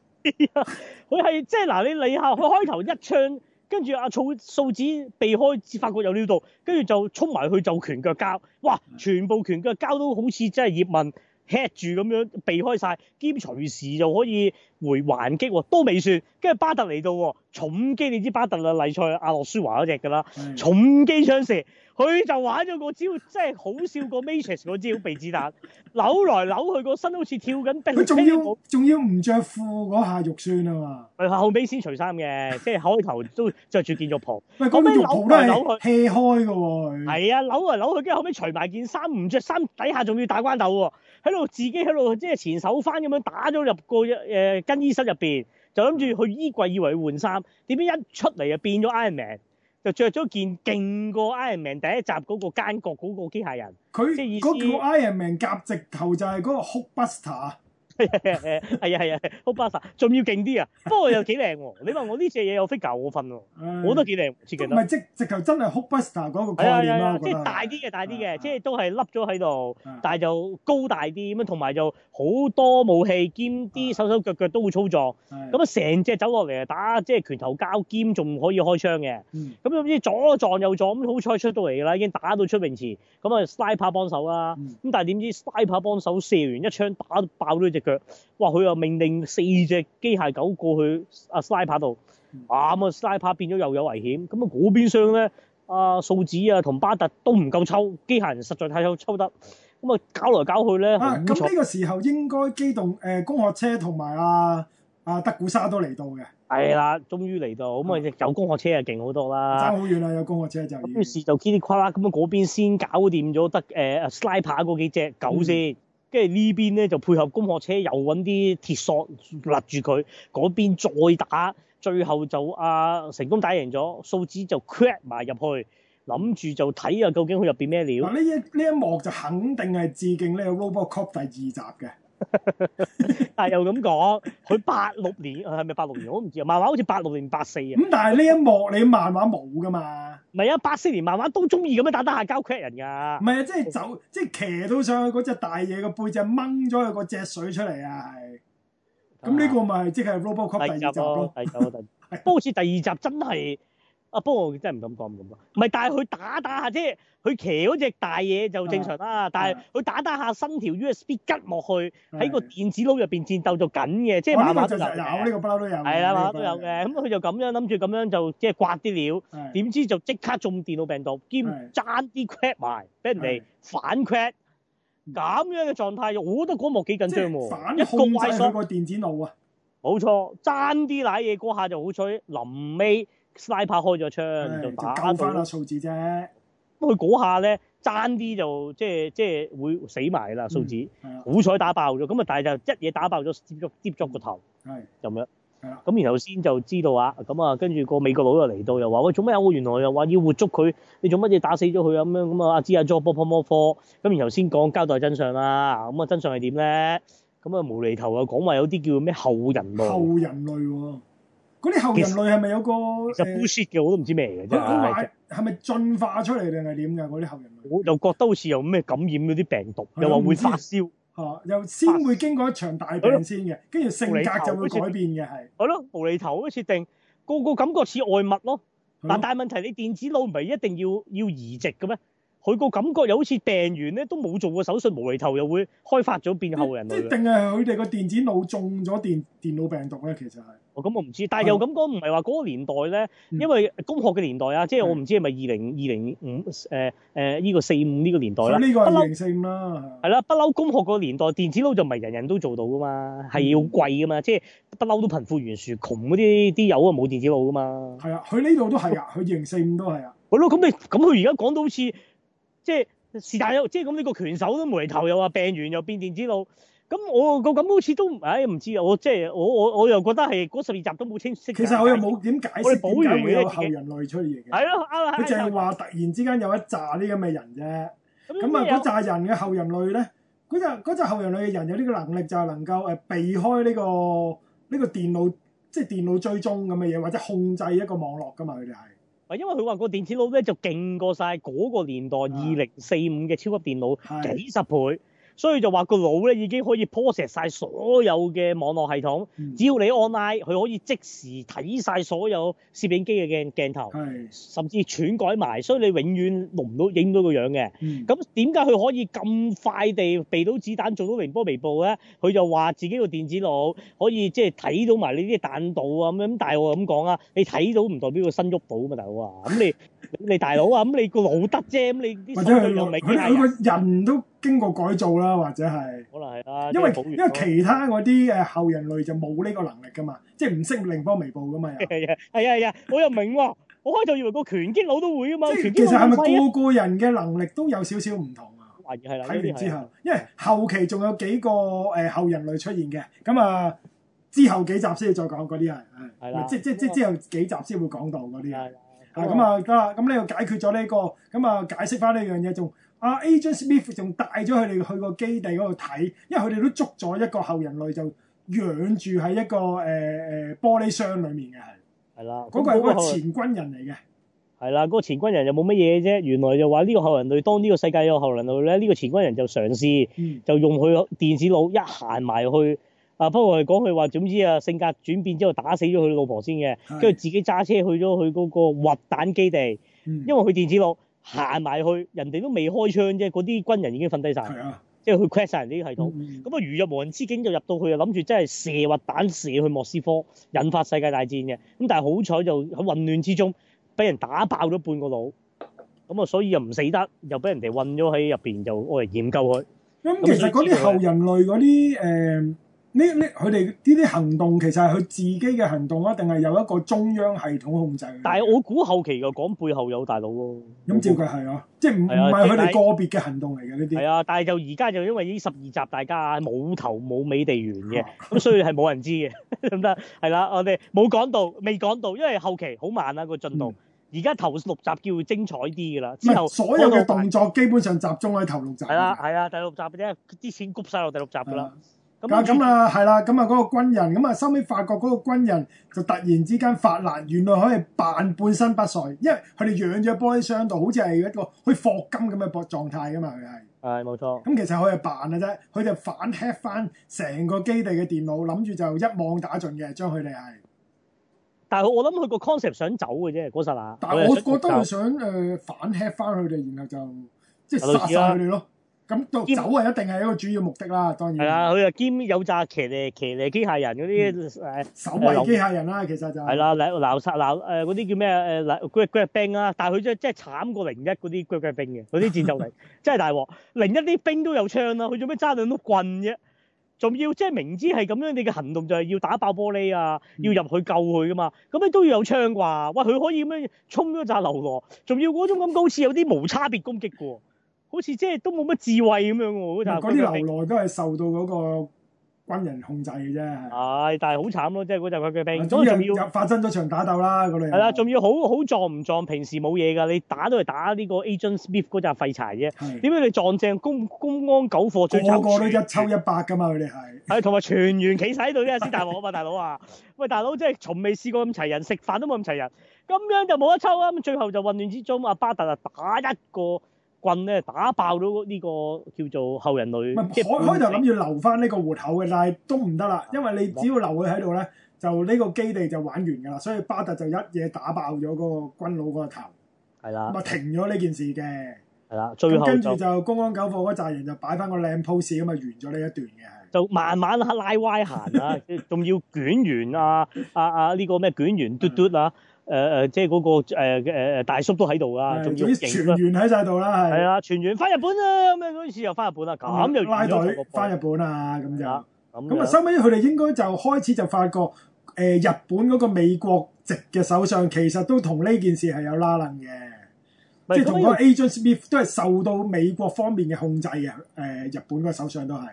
啊。佢係即係嗱、啊，你你下，佢開頭一槍。跟住阿草素子避開，至發覺有料到，跟住就衝埋去就拳腳交，哇！全部拳腳交都好似真係葉問。hit 住咁樣避開晒，兼隨時就可以回還擊喎、哦，都未算。跟住巴特嚟到喎，重機你知巴特啦，嚟賽阿諾舒華嗰隻㗎啦，重機槍射，佢就玩咗個招，即係好笑個 Matrix 嗰招避子彈，扭來扭去個身好似跳緊定，佢仲要仲要唔着褲嗰下肉酸啊嘛！後尾先除衫嘅，即係開頭都着住件肉袍。講起扭來扭去，氣開嘅喎。係啊， 啊，扭來扭去，跟住後尾除埋件衫，唔着衫底下仲要打關鬥喎、哦。喺度自己喺度即係前手翻咁樣打咗入個誒、呃、更衣室入邊，就諗住去衣櫃以為換衫，點知一出嚟，就變咗 Iron Man，就着咗件勁過 Iron Man 第一集嗰個奸角嗰個機械人。佢嗰、嗰個 Iron Man 夾直頭就係嗰個 Hookbuster。係係係，係啊係啊，好 buster 仲要勁啲啊！不過又幾靚喎，你問我呢隻嘢有 figure 我份喎、啊，我都幾靚設計。唔係即隻球真係好 buster 嗰個概念咯、啊哎，即係大啲嘅大啲嘅，即係都係凹咗喺度，但係就高大啲咁啊，同埋就好多武器兼啲手手腳腳都會操作，咁啊成隻走落嚟啊打，即係拳頭交兼仲可以開槍嘅，咁點知左撞右撞，咁好彩出到嚟嘅啦，已經打到出泳池，咁啊 spyper 幫手啦、啊，咁、嗯、但係點知 spyper 幫手射完一槍打爆咗呢隻。腳哇！佢又命令四隻機械狗過去啊！slide 趴度啊！咁啊 slide 趴變咗又有危險。咁啊嗰邊廂咧，阿素子啊同巴特都唔夠抽，機械人實在太抽得。咁啊搞來搞去咧，咁、啊、呢、啊、個時候應該機動誒工、呃、學車同埋阿阿德古沙都嚟到嘅。係啦，終於嚟到。咁、嗯、啊有工學車啊勁好多啦，爭好遠啦有工學車就。車就於是就嘰里呱啦，咁啊嗰邊先搞掂咗得誒 slide 趴嗰幾隻狗先、嗯。跟住呢邊咧就配合攻殼車，又揾啲鐵索勒住佢，嗰邊再打，最後就阿、啊、成功打贏咗，數字，就 crack 埋入去，諗住就睇下究竟佢入邊咩料？嗱，呢一呢一幕就肯定係致敬呢個《RoboCop》第二集嘅。 但又咁講，佢八六年係咪八六年？我唔知啊。漫畫好似八六年八四啊。咁但係呢一幕你漫畫冇噶嘛？唔係啊，八四年漫畫都中意咁樣打打下交屈人噶。唔係啊，即係走，即係騎到上去嗰隻大嘢嘅背脊掹咗佢個隻水出嚟啊！咁呢、嗯嗯、個咪即係《RoboCop》第二集咯。第不似第,第, 第二集真係。啊！不過我真係唔敢講唔敢講，唔係，但係佢打打一下即係，佢、就是、騎嗰隻大嘢就正常啦。是啊是啊、但係佢打打一下伸條 USB 吉落去喺、啊、個電子腦入邊戰鬥就緊嘅、啊，即係麻麻都有呢、這個不嬲、這個、都有，係啦、啊，麻、這、麻、個、都有嘅。咁、這、佢、個啊這個啊、就咁樣諗住咁樣就即係刮啲料，點、啊、知就即刻中電腦病毒，兼爭啲 cut 埋俾人哋反 cut，咁、啊、樣嘅狀態，我覺得嗰幕幾緊張喎，就是、反一攻一守個電子腦啊，冇錯，爭啲瀨嘢嗰下就好彩，臨尾。Sniper 開咗槍就打啦，嗯。數字啫，佢過嗰下咧爭啲就即係即係會死埋啦數字，好彩打爆咗，咁啊但係就一嘢打爆咗接觸接觸個頭，係、嗯，咁樣，咁然後先就知道啊，咁啊跟住個美國佬又嚟到又話喂做咩啊，原來又話要活捉佢，你做乜嘢打死咗佢啊咁樣，咁啊阿知阿 Jo Bob o o 咁然後先講交代真相啦，咁啊真相係點咧？咁啊無厘頭又講話有啲叫咩後，後人類後人類喎。嗰啲後人類係咪有個？其實 b o o t 嘅我都唔知咩嚟嘅啫嚇。係咪、啊、進化出嚟定係點㗎？嗰啲後人類？我又覺得好似有咩感染嗰啲病毒，又話會發燒。又、啊、先會經過一場大病先嘅，跟住性格就會改變嘅係。好囉。無厘頭嘅設定，個個感覺似外物囉。但大問題你電子腦唔係一定要要移植嘅咩？佢個感覺又好似病完咧，都冇做過手術，無厘頭又會開發咗變後人類。即定係佢哋個電子腦中咗電電腦病毒咧？其實係。我咁我唔知，但係又咁講，唔係話嗰個年代咧，因為攻殼嘅年代啊，嗯、即係我唔知係咪二零二零五誒誒呢個四五呢個年代啦、啊。呢、哦這個係二零四五啦。係啦，不嬲攻殼個年代，電子腦就唔係人人都做到噶嘛，係、嗯、要貴噶嘛，即係不嬲都貧富懸殊窮，窮嗰啲啲有啊冇電子腦噶嘛。係啊，佢呢度都係啊，佢二零四五都係啊。係咯、啊，咁你咁佢而家講到好似。即係是但有，即係咁呢個拳手都無厘頭又話病完又變電子腦，咁我個咁好似都唔唉唔知啊！我即係我我我又覺得係嗰十二集都冇清晰。其實我又冇點解釋點解會有後人類出現嘅。係咯，佢淨係話突然之間有一紮呢咁嘅人啫。咁、嗯、啊，嗰、嗯、紮、嗯、人嘅後人類咧，嗰紮嗰紮後人類嘅人有呢個能力就係能夠誒避開呢、呢個呢、呢個電腦，即係電腦追蹤咁嘅嘢，或者控制一個網絡㗎嘛？佢哋係。因為佢話個電子腦咧就勁過曬嗰個年代二零四五嘅超級電腦幾十倍。所以就話個腦咧已經可以 post 晒所有嘅網絡系統，嗯、只要你 online，佢可以即時睇晒所有攝影機嘅鏡鏡頭，甚至篡改埋，所以你永遠錄唔到影到個樣嘅。咁點解佢可以咁快地避到子彈，做到凌波微步咧？佢就話自己個電子腦可以即係睇到埋你啲彈道啊咁樣。大佬咁講啊，你睇到唔代表個身喐到啊嘛，大佬啊。咁你 你，你大佬啊，咁你個腦得啫，咁你啲身體又未見。或者係咯，佢佢個人都。經過改造啦，或者係，可能係啦，因為因為其他嗰啲誒後人類就冇呢個能力噶嘛，即係唔識凌波微步噶嘛，係啊係啊係啊，我又明喎， 我開就以為個拳擊佬都會啊嘛，即係唔會係，其實係咪個個人嘅能力都有少少唔同啊？睇、嗯、完之後，因為後期仲有幾個誒後人類出現嘅，咁、嗯、啊之後幾集先至再講嗰啲啊，係啦、嗯，即即即之後幾集先會講到嗰啲、那個，啊咁啊得啦，咁呢個解決咗呢、這個，咁啊解釋翻呢樣嘢仲。阿 Agent Smith 仲帶咗佢哋去個基地嗰度睇，因為佢哋都捉咗一個後人類就養住喺一個、呃、玻璃箱裏面嘅係。係啦，嗰、嗰個係前軍人嚟嘅。係啦，嗰個前軍人又冇乜嘢啫，原來就話呢個後人類當呢個世界有後人類咧，呢、呢個前軍人就嘗試就用佢電子腦一行埋去、嗯。啊，不過我哋講佢話總之啊性格轉變之後打死咗佢老婆先嘅，跟住自己揸車去咗佢嗰個核彈基地，嗯、因為佢電子腦。行埋去，人哋都未開槍啫，嗰啲軍人已經瞓低晒，啊、嗯嗯嗯嗯嗯，即係去 cut 曬人啲系統。咁啊，如入無人之境就入到去啊，諗住真係射核彈射去莫斯科，引發世界大戰嘅。咁但係好彩就喺混亂之中，俾人打爆咗半個腦。咁啊，所以又唔死得，又俾人哋困咗喺入邊，又嚟研究佢。咁其實嗰啲後人類嗰啲誒呢呢佢哋呢啲行動其實係佢自己嘅行動啊，定係有一個中央系統控制嘅？但係我估後期嘅講背後有大佬喎。咁照佢係啊，即係唔係佢哋個別嘅行動嚟嘅呢啲？係啊，但係就而家就因為呢十二集大家冇頭冇尾地完嘅，咁、啊、所以係冇人知嘅，咁得係啦。我哋冇講到，未講到，因為後期好慢啊個進度。而、嗯、家頭六集叫精彩啲噶啦，之後所有嘅動作基本上集中喺頭六集。係啦、啊，係啊，第六集嘅啫，啲錢谷晒落第六集噶啦。咁啊，係啦，咁啊嗰個軍人，咁啊收尾發覺嗰個軍人就突然之間發難，原來可以扮半身不遂，因為佢哋養咗玻璃箱度，好似係一個可以霍金咁嘅狀狀態噶嘛，佢、哎、係。係冇錯。咁其實佢係扮嘅啫，佢就反 hack 翻成個基地嘅電腦，諗住就一網打盡嘅，將佢哋係。但係我諗佢個 concept 想走嘅啫，嗰時啊。但係我覺得佢想誒、呃、反 hack 翻佢哋，然後就即係、啊、殺殺佢哋咯。咁走啊，一定係一個主要目的啦。當然係啊，佢又兼有炸騎呢騎呢機器人嗰啲誒，守衛機器人啦，其實就係、是、啦，流流流誒嗰啲叫咩誒，嗰嗰兵啦。但係佢真真係慘過零一嗰啲嗰啲兵嘅，嗰啲戰鬥力真係大鑊。零一啲兵都有槍啦，佢做咩揸兩碌棍啫？仲要即係明知係咁樣，你嘅行動就係要打爆玻璃啊，要入去救佢噶嘛？咁你都要有槍啩？喂，佢可以咁樣衝咗扎流落，仲要嗰種咁高似有啲無差別攻擊喎。好似即係都冇乜智慧咁樣喎嗰啲流內都係受到嗰個軍人控制嘅啫。係、哎，但係好慘咯，即係嗰扎嘅兵，就要發生咗場打鬥啦咁樣。係、那、啦、個，仲要好好撞唔撞？平時冇嘢噶，你打都係打呢個 Agent Smith 嗰扎廢柴啫。點解你撞正公公安九課？個個都一抽一百噶嘛，佢哋係係同埋全員企晒喺度啫啊！斯 大鑊啊嘛？大佬啊，喂大佬，即係從未試過咁齊人食飯都冇咁齊人，咁樣就冇得抽啊！咁最後就混亂之中，阿巴特啊打一個。棍咧打爆咗呢個叫做後人類。我係，開頭諗住留翻呢個活口嘅，但係都唔得啦，因為你只要留佢喺度咧，就呢個基地就玩完㗎啦。所以巴特就一嘢打爆咗嗰個軍佬個頭。係啦。唔係停咗呢件事嘅。係啦。最後就，後就公安九課嗰扎人就擺翻個靚 pose 咁啊，完咗呢一段嘅就慢慢拉歪行啦，仲 要捲完啊啊啊！呢、啊啊這個咩捲完嘟嘟啦、啊、～誒、呃、誒，即係嗰、那個誒、呃呃、大叔都喺度啊，仲要勁啊！全員喺晒度啦，係。係啊，全員翻日本啊。咁樣嗰次又翻日本啦，咁又拉隊翻日本啊，咁、嗯、就咁啊，收尾佢哋應該就開始就發覺，誒、呃、日本嗰個美國籍嘅首相其實都同呢件事有係、就是、有拉楞嘅，即係同嗰個 Agent Smith 都係受到美國方面嘅控制嘅。誒、呃，日本嗰首相都係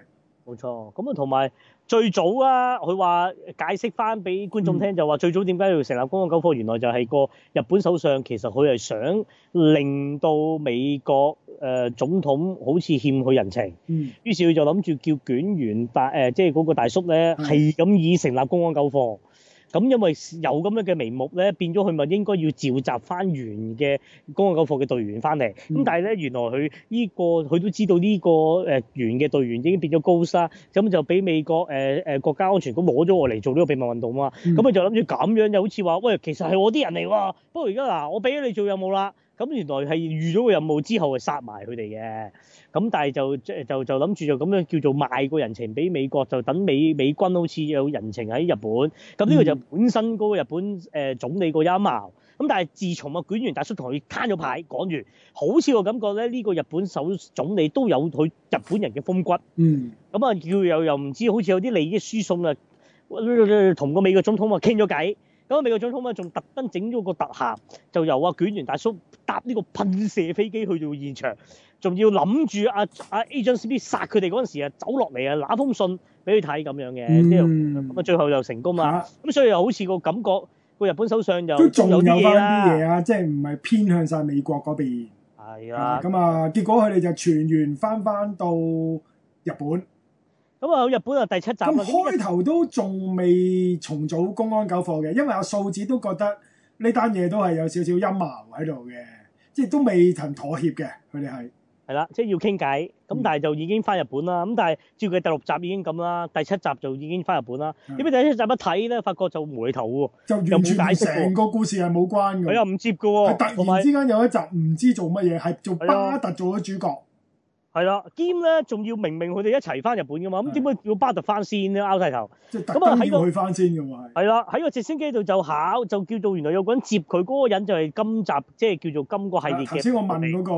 冇錯，咁啊，同埋。最早啊，佢話解釋翻俾觀眾聽，就話最早點解要成立公安九課，原來就係個日本首相其實佢係想令到美國誒、呃、總統好似欠佢人情，於、嗯、是佢就諗住叫卷員大誒，即係嗰個大叔呢，係、嗯、咁以成立公安九課。咁因為有咁樣嘅眉目咧，變咗佢咪應該要召集翻原嘅公安九課嘅隊員翻嚟。咁但係咧，原來佢呢、這個佢都知道呢個誒原嘅隊員已經變咗 GHOST 啦。咁就俾美國誒誒國家安全局攞咗我嚟做呢個秘密運動啊嘛。咁、嗯、佢就諗住咁樣又好似話，喂，其實係我啲人嚟喎。不過而家嗱，我俾咗你做有冇啦？咁原來係預咗個任務之後，係殺埋佢哋嘅。咁但係就即係就就諗住就咁樣叫做賣個人情俾美國，就等美美軍好似有人情喺日本。咁呢個就本身嗰個日本誒總理個陰謀。咁但係自從啊卷完大叔同佢攤咗牌，講完，好似我感覺咧，呢個日本首總理都有佢日本人嘅風骨。嗯。咁啊，叫又又唔知，好似有啲利益輸送啊，同個美國總統啊傾咗偈。咁美國總統咧，仲特登整咗個特效，就由阿卷員大叔搭呢個噴射飛機去到現場，仲要諗住阿阿 A 將 CP 殺佢哋嗰陣時啊，走落嚟啊，拿封信俾佢睇咁樣嘅。咁、嗯、啊，最後就成功喇啊！咁所以又好似個感覺，個日本首相就有啲嘢、啊，都仲有翻啲嘢啊，即係唔係偏向晒美國嗰邊？係啊！咁、嗯、啊，結果佢哋就全員翻翻到日本。咁啊，日本啊，第七集咁開頭都仲未重組公安九課嘅，因為阿數字都覺得呢單嘢都係有少少陰謀喺度嘅，即係都未曾妥協嘅，佢哋係係啦，即係要傾偈咁，但係就已經返日本啦。咁、嗯、但係照佢第六集已經咁啦，第七集就已經返日本啦。因為第七集一睇咧，發覺就無厘頭喎，就完全就解成。成個故事係冇關嘅，佢又唔接㗎喎，突然之間有一集唔知做乜嘢，係做巴特做咗主角。係啦，兼咧仲要明明佢哋一齊翻日本噶嘛，咁點解要巴特翻先咧？拗曬頭。咁啊喺度翻先嘛。係啦，喺個直升機度就考就叫做原來有個人接佢嗰、那個人就係今集即係、就是、叫做今個系列嘅。頭先我問嗰、那個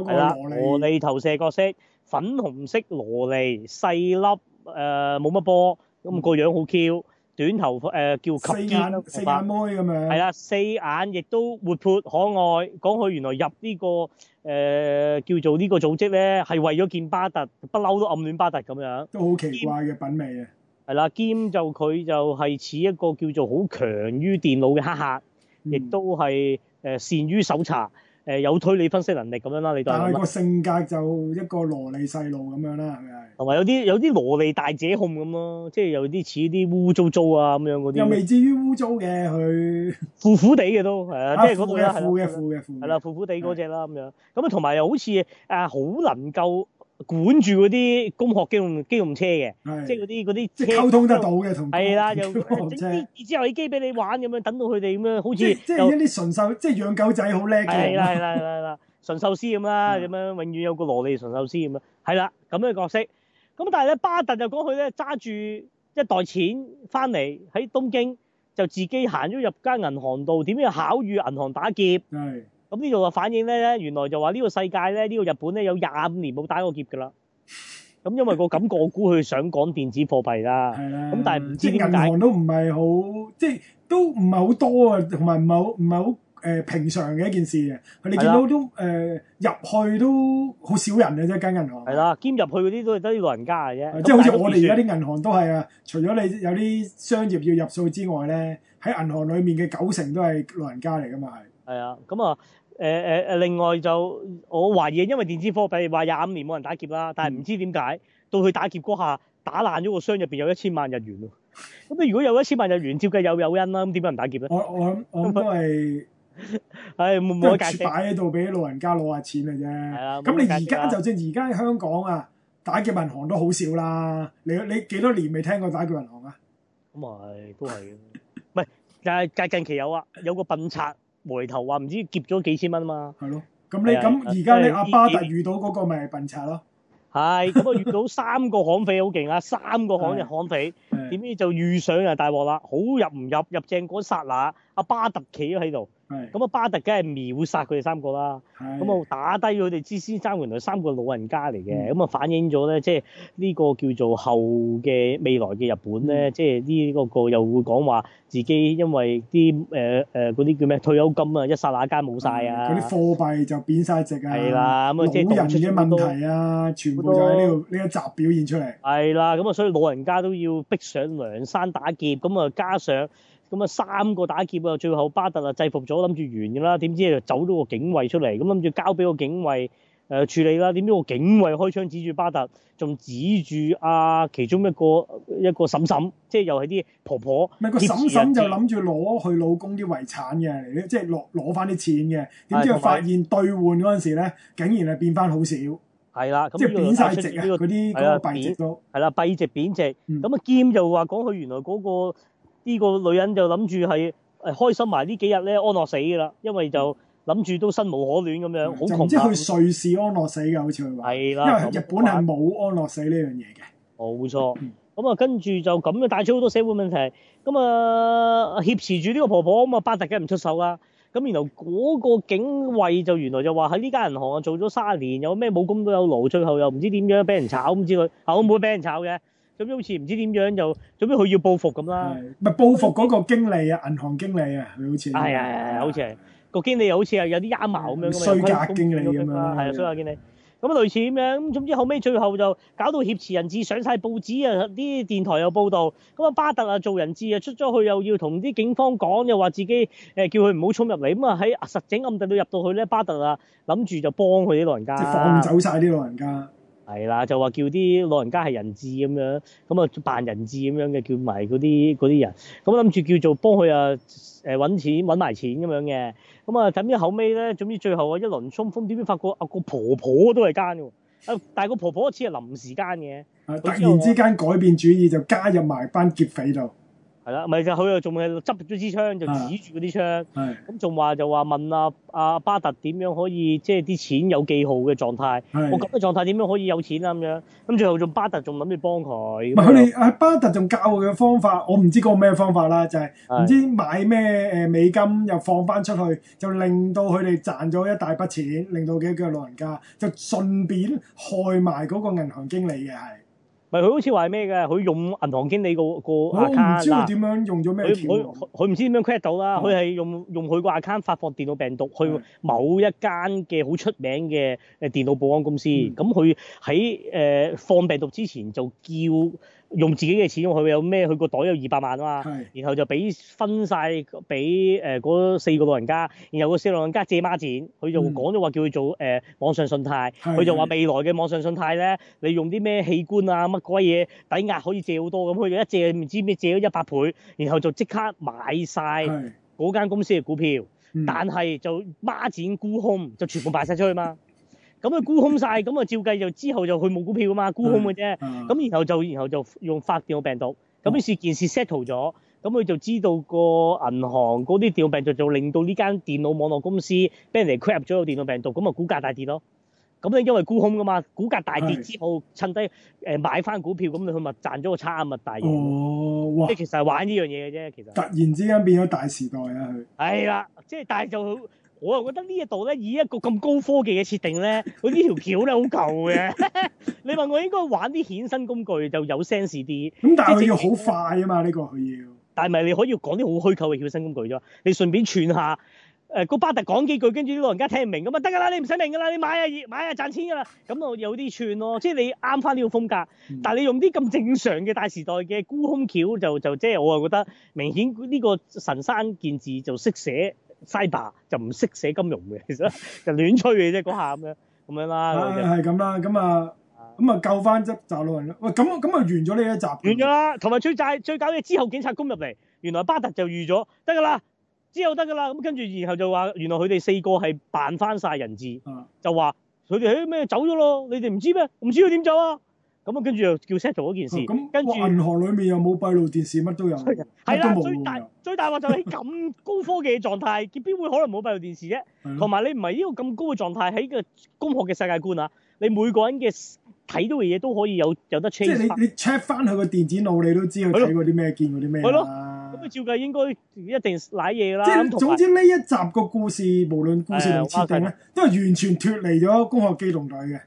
嗰、那個羅莉。羅莉投射角色，粉紅色羅莉，細粒誒冇乜波，咁、嗯、那個樣好 Q。短頭誒、呃、叫吸眼，及肩頭髮，係啦，四眼亦都活潑可愛。講佢原來入呢、呢個誒、呃、叫做呢個組織咧，係為咗見巴特，不嬲都暗戀巴特咁樣。都好奇怪嘅品味啊！係啦，兼就佢就係似一個叫做好強於電腦嘅黑客，客，亦、嗯、都係誒善於搜查。誒、呃、有推理分析能力咁樣啦，你但佢個性格就一個蘿莉細路咁樣啦，係咪？同埋有啲有啲蘿莉大姐控咁咯，即係有啲似啲污糟糟啊咁樣嗰啲。又未至於污糟嘅，佢腐腐地嘅都係啊，即係嗰度啦，係腐嘅，腐嘅，腐嘅，係啦，腐腐地嗰隻啦咁樣。咁啊，同埋又好似誒好能夠。管住嗰啲工學機動機動車嘅，即係嗰啲嗰啲溝通得到嘅，同係啦，又整啲智慧機俾你玩咁樣，等到佢哋咁樣好似即係一啲馴獸，即係養狗仔好叻嘅，係啦係啦係啦，馴獸師咁啦，咁樣永遠有個羅莉馴獸師咁樣係啦，咁樣嘅角色。咁但係咧，巴特就講佢咧揸住一袋錢翻嚟喺東京，就自己行咗入間銀行度，點樣巧遇銀行打劫？咁呢度話反映咧，原來就話呢個世界咧，呢、這個日本咧有廿五年冇打過劫噶啦。咁因為個感覺我估佢想講電子貨幣啦。係啦，咁但係唔知點解銀行都唔係好，即係都唔係好多啊，同埋唔係唔係好誒平常嘅一件事啊。你見到都誒入、呃、去都好少人嘅啫，間銀行係啦，兼入去嗰啲都係得老人家嘅啫。即係好似我哋而家啲銀行都係啊，除咗你有啲商業要入數之外咧，喺銀行裡面嘅九成都係老人家嚟噶嘛，係。係、嗯、啊，咁啊。嗯誒誒誒，另外就我懷疑，因為電子科，譬如話廿五年冇人打劫啦，但係唔知點解、嗯、到佢打劫嗰下打爛咗個箱，入邊有一千萬日元喎。咁你如果有一千萬日元，照計有有因啦，咁點解唔打劫咧？我我我諗都係，唉冇冇得擺喺度俾老人家攞下錢嘅啫。係啊。咁你而家就算而家香港啊，打劫銀行都好少啦。你你幾多年未聽過打劫銀行啊？咁啊，都係。唔 係，但係近近期有啊，有個笨賊。回頭話唔知劫咗幾千蚊吖嘛，係咯。咁你咁而家你阿巴特遇到嗰個咪笨賊咯，係咁啊，遇到三個悍匪好勁啊，三個悍嘅悍匪點知就遇上啊？大鑊啦，好入唔入入正嗰剎那？阿巴特企咗喺度，咁啊巴特梗係秒殺佢哋三個啦。咁啊打低咗佢哋之先生，原來三個老人家嚟嘅，咁、嗯、啊反映咗咧，即係呢個叫做後嘅未來嘅日本咧，即係呢個個又會講話自己因為啲誒誒嗰啲叫咩退休金一殺一殺一殺啊，一刹那間冇晒啊，嗰啲貨幣就變晒值啊，係啦，咁啊即係出咗老人嘅問題啊，全部都喺呢度呢一集表現出嚟。係啦，咁啊所以老人家都要逼上梁山打劫，咁啊加上。咁啊，三個打劫啊，最後巴特啊制服咗，諗住完嘅啦，點知就走咗個警衛出嚟，咁諗住交俾個警衛誒處理啦，點知個警衛開槍指住巴特，仲指住啊，其中一個一個嬸嬸，即係又係啲婆婆。唔係個嬸嬸就諗住攞佢老公啲遺產嘅，即係攞攞翻啲錢嘅，點知發現兌換嗰陣時咧，竟然係變翻好少。係啦，即係貶曬值啊！嗰啲係啦，幣值係啦，幣值貶值。咁啊，兼就話講佢原來嗰個。嗯呢、這個女人就諗住係誒開心埋呢幾日咧安樂死㗎啦，因為就諗住都身無可戀咁樣，好、嗯、窮。唔、啊、知佢瑞士安樂死㗎，好似佢話。係啦，因為日本係冇安樂死呢、嗯嗯、樣嘢嘅。冇錯。咁啊，跟住就咁啊，帶出好多社會問題。咁、嗯、啊，挾持住呢個婆婆啊嘛，八達嘅唔出手啦。咁然後嗰個警衞就原來就話喺呢間銀行啊做咗三十年，有咩冇功都有勞，最後又唔知點樣俾人炒咁之類，後尾俾人炒嘅。總之好似唔知點樣就，做咩佢要報復咁啦，咪報復嗰個經理啊，銀行經理啊，佢好似，係啊係啊，好似係、個經理又好似係有啲丫毛咁樣，衰格經理咁啊，係衰格經理，咁啊類似咁樣，咁總之後尾最後就搞到挾持人質上晒報紙啊，啲電台又報導，咁啊巴特啊做人質啊出咗去又要同啲警方講，又話自己誒叫佢唔好衝入嚟，咁啊喺實整暗地度入到去咧，巴特啊諗住就幫佢啲老人家，即係放走晒啲老人家。係啦，就話叫啲老人家係人質咁樣，咁啊扮人質咁樣嘅，叫埋嗰啲嗰啲人，咁諗住叫做幫佢啊誒揾錢揾埋錢咁樣嘅，咁啊，等於後尾咧，總之最後啊一輪衝鋒，點知發覺啊個婆婆都係奸喎。啊但係個婆婆似係係臨時奸嘅，突然之間改變主意就加入埋班劫匪度。係啦，咪就佢又仲係執咗支槍就指住嗰啲槍，咁仲話就話問啊阿巴特點樣可以即係啲錢有記號嘅狀態，我咁嘅狀態點樣可以有錢啊咁樣，咁最後仲巴特仲諗住幫佢。佢哋阿巴特仲教佢嘅方法，我唔知個咩方法啦，就係、是、唔知買咩美金又放翻出去，就令到佢哋賺咗一大筆錢，令到幾個老人家就順便害埋嗰個銀行經理嘅係。佢好似話咩嘅？佢用銀行經理個個 account，我唔知點樣用咗咩。佢佢唔知點樣 credit 到啦。佢係用用佢個 account 發放電腦病毒去某一間嘅好出名嘅誒電腦保安公司。咁佢喺誒放病毒之前就叫。用自己嘅錢，佢有咩？佢個袋有二百萬啊嘛，然後就俾分晒俾嗰四個老人家。然後嗰四個老人家借孖展，佢就講咗話叫佢做網、嗯呃、網上信貸。佢就話未來嘅網上信貸呢，你用啲咩器官啊乜鬼嘢抵押可以借好多咁。佢一借唔知咩借咗一百倍，然後就即刻買曬嗰間公司嘅股票，是嗯，但係就孖展沽空就全部賣晒出去嘛。嗯咁佢沽空晒，咁啊照計就之後就去冇股票啊嘛，沽空嘅啫。咁、啊、然後就然後就用發電腦病毒，咁於是件事 settle 咗，咁佢就知道個銀行嗰啲電腦病毒就，就令到呢間電腦網絡公司俾人哋 crack 咗個電腦病毒，咁啊股價大跌咯。咁你因為沽空噶嘛，股價大跌之後趁低誒買翻股票，咁佢咪賺咗個差啊嘛，大。哦，哇！即係其實係玩呢樣嘢嘅啫，其實。突然之間變咗大時代啊！佢。係啦，即係但係就。我又覺得這裡呢一度咧，以一個咁高科技嘅設定咧，嗰 啲條橋咧好舊嘅。 你問我應該玩啲衍生工具就有 sense 啲。咁但係佢要好快啊嘛，呢個佢要。但係咪你可以講啲好虛構嘅衍生工具啫？你順便串下，誒、呃、個巴特講幾句，跟住啲老人家聽唔明咁啊，得㗎啦，你唔使明㗎啦，你買啊，買啊賺錢㗎啦。咁我有啲串咯，即係你啱翻呢個風格。嗯、但係你用啲咁正常嘅大時代嘅沽空橋就就即係、就是、我又覺得明顯呢個神山健治」就識寫。嘥爸就唔識寫金融嘅，其實就亂吹嘅啫，嗰下咁樣咁樣啦。係咁啦，咁啊咁啊救翻執集老人咯。喂，咁咁啊完咗呢一集，完咗啦。同埋吹債，最搞嘢之後，警察攻入嚟，原來巴特就預咗得噶啦。之後得噶啦，咁跟住然後就話原來佢哋四個係扮翻晒人質，啊、就話佢哋咩走咗咯，你哋唔知咩？唔知佢點走啊？咁啊，跟住又叫 set 做嗰件事。咁、嗯、跟住，銀行裏面又冇閉路電視，乜都有。係啦，最大最大話就係咁高科技嘅狀態，邊 會可能冇閉路電視啫？同埋你唔係呢個咁高嘅狀態，喺個工學嘅世界觀啊，你每個人嘅睇到嘅嘢都可以有有得 check 即係你 check 翻佢個電子腦，你都知佢睇過啲咩，見過啲咩。係咯，咁啊照計應該一定瀨嘢啦。即係總之呢一集個故事，無論故事定設定咧，都係完全脱離咗工學機動隊嘅。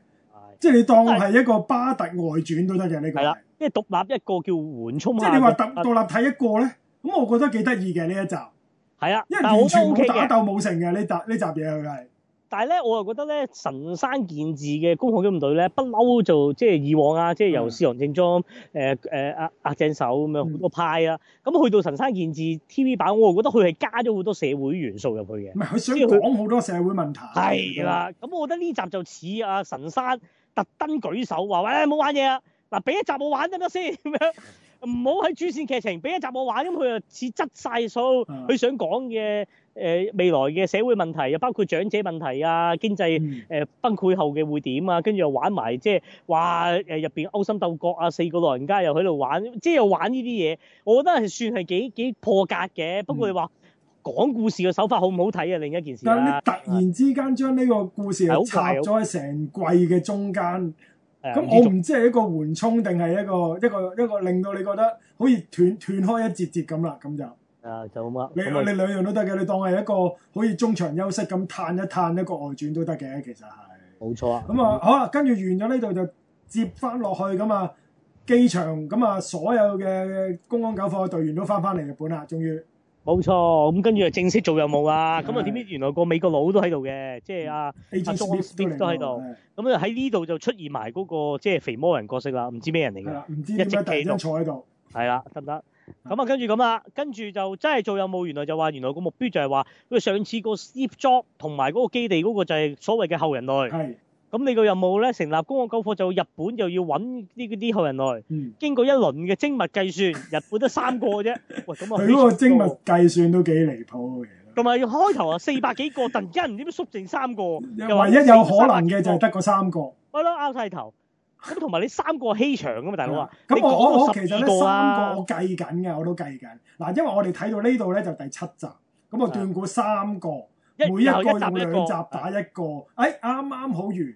即係你當我係一個巴特外傳都得嘅呢個。係啦，即係獨立一個叫緩衝嘛。即係你話獨立睇一個咧，咁、啊、我覺得幾得意嘅呢一集。係啊，因為完全冇打鬥冇成嘅呢集呢集嘢佢係。但係咧，是我，我又覺得咧，神山健治嘅《攻殼機動隊》咧不嬲做即係以往、呃呃、啊，即係由士郎正宗、誒誒阿阿押井守咁樣好多派啊。咁去到神山健治 TV 版，我又覺得佢係加咗好多社會元素入去嘅。唔係，佢想講好多社會問題。係啦，咁我覺得呢集就似阿神山。特登舉手話，喂，冇玩嘢啊！嗱，俾一集我玩得唔得先？咁樣唔好喺主線劇情俾一集我玩，咁佢就似質晒數。佢想講嘅誒未來嘅社會問題，又包括長者問題啊，經濟誒崩潰後嘅會點啊，跟住又玩埋即係哇誒入邊勾心鬥角啊，四個老人家又喺度玩，即係又玩呢啲嘢。我覺得係算係幾幾破格嘅，不過你話。講故事嘅手法好唔好睇啊？另一件事、啊、但係你突然之間將呢個故事插咗喺成季嘅中間，咁我唔知係一個緩衝定係一個一個一個，一個令到你覺得好似斷斷開一節節咁啦，咁就啊就咁你就你兩樣都得嘅，你當係一個可以中場休息咁嘆一嘆一,一個外傳都得嘅，其實係冇錯啊。咁啊好啦，跟住完咗呢度就接翻落去咁啊機場咁啊所有嘅公安九課嘅隊員都翻翻嚟日本啦，終於。冇錯，咁跟住就正式做任務啦。咁啊，點知原來個美國佬都喺度嘅，即係阿阿 John Smith 都喺度。咁就喺呢度就出現埋嗰、那個即係、就是、肥魔人角色啦。唔知咩人嚟嘅，一直企喺度。係啦，得唔得？咁啊，跟住咁啊，跟住就真係做任務。原來就話原來個目標就係話佢上次個 Steve Jobs 同埋嗰個基地嗰個就係所謂嘅後人類。咁你個任務咧，成立公安九課就日本又要揾呢啲啲後人來，嗯，經過一輪嘅精密計算， 日本得三個嘅啫。喂，咁啊，呢個精密計算都幾離譜嘅。同埋要開頭啊，四百幾個，突然間唔知點縮剩三個。唯一有可能嘅就係得個三個，係咯，拗晒頭。咁同埋你三個欺場噶嘛，大佬啊。咁 我我個其實三個我計緊嘅，我都計緊。嗱，因為我哋睇到呢度咧就第七集，咁啊斷估三個。每一個集兩集打一個，哎，啱啱好完。咁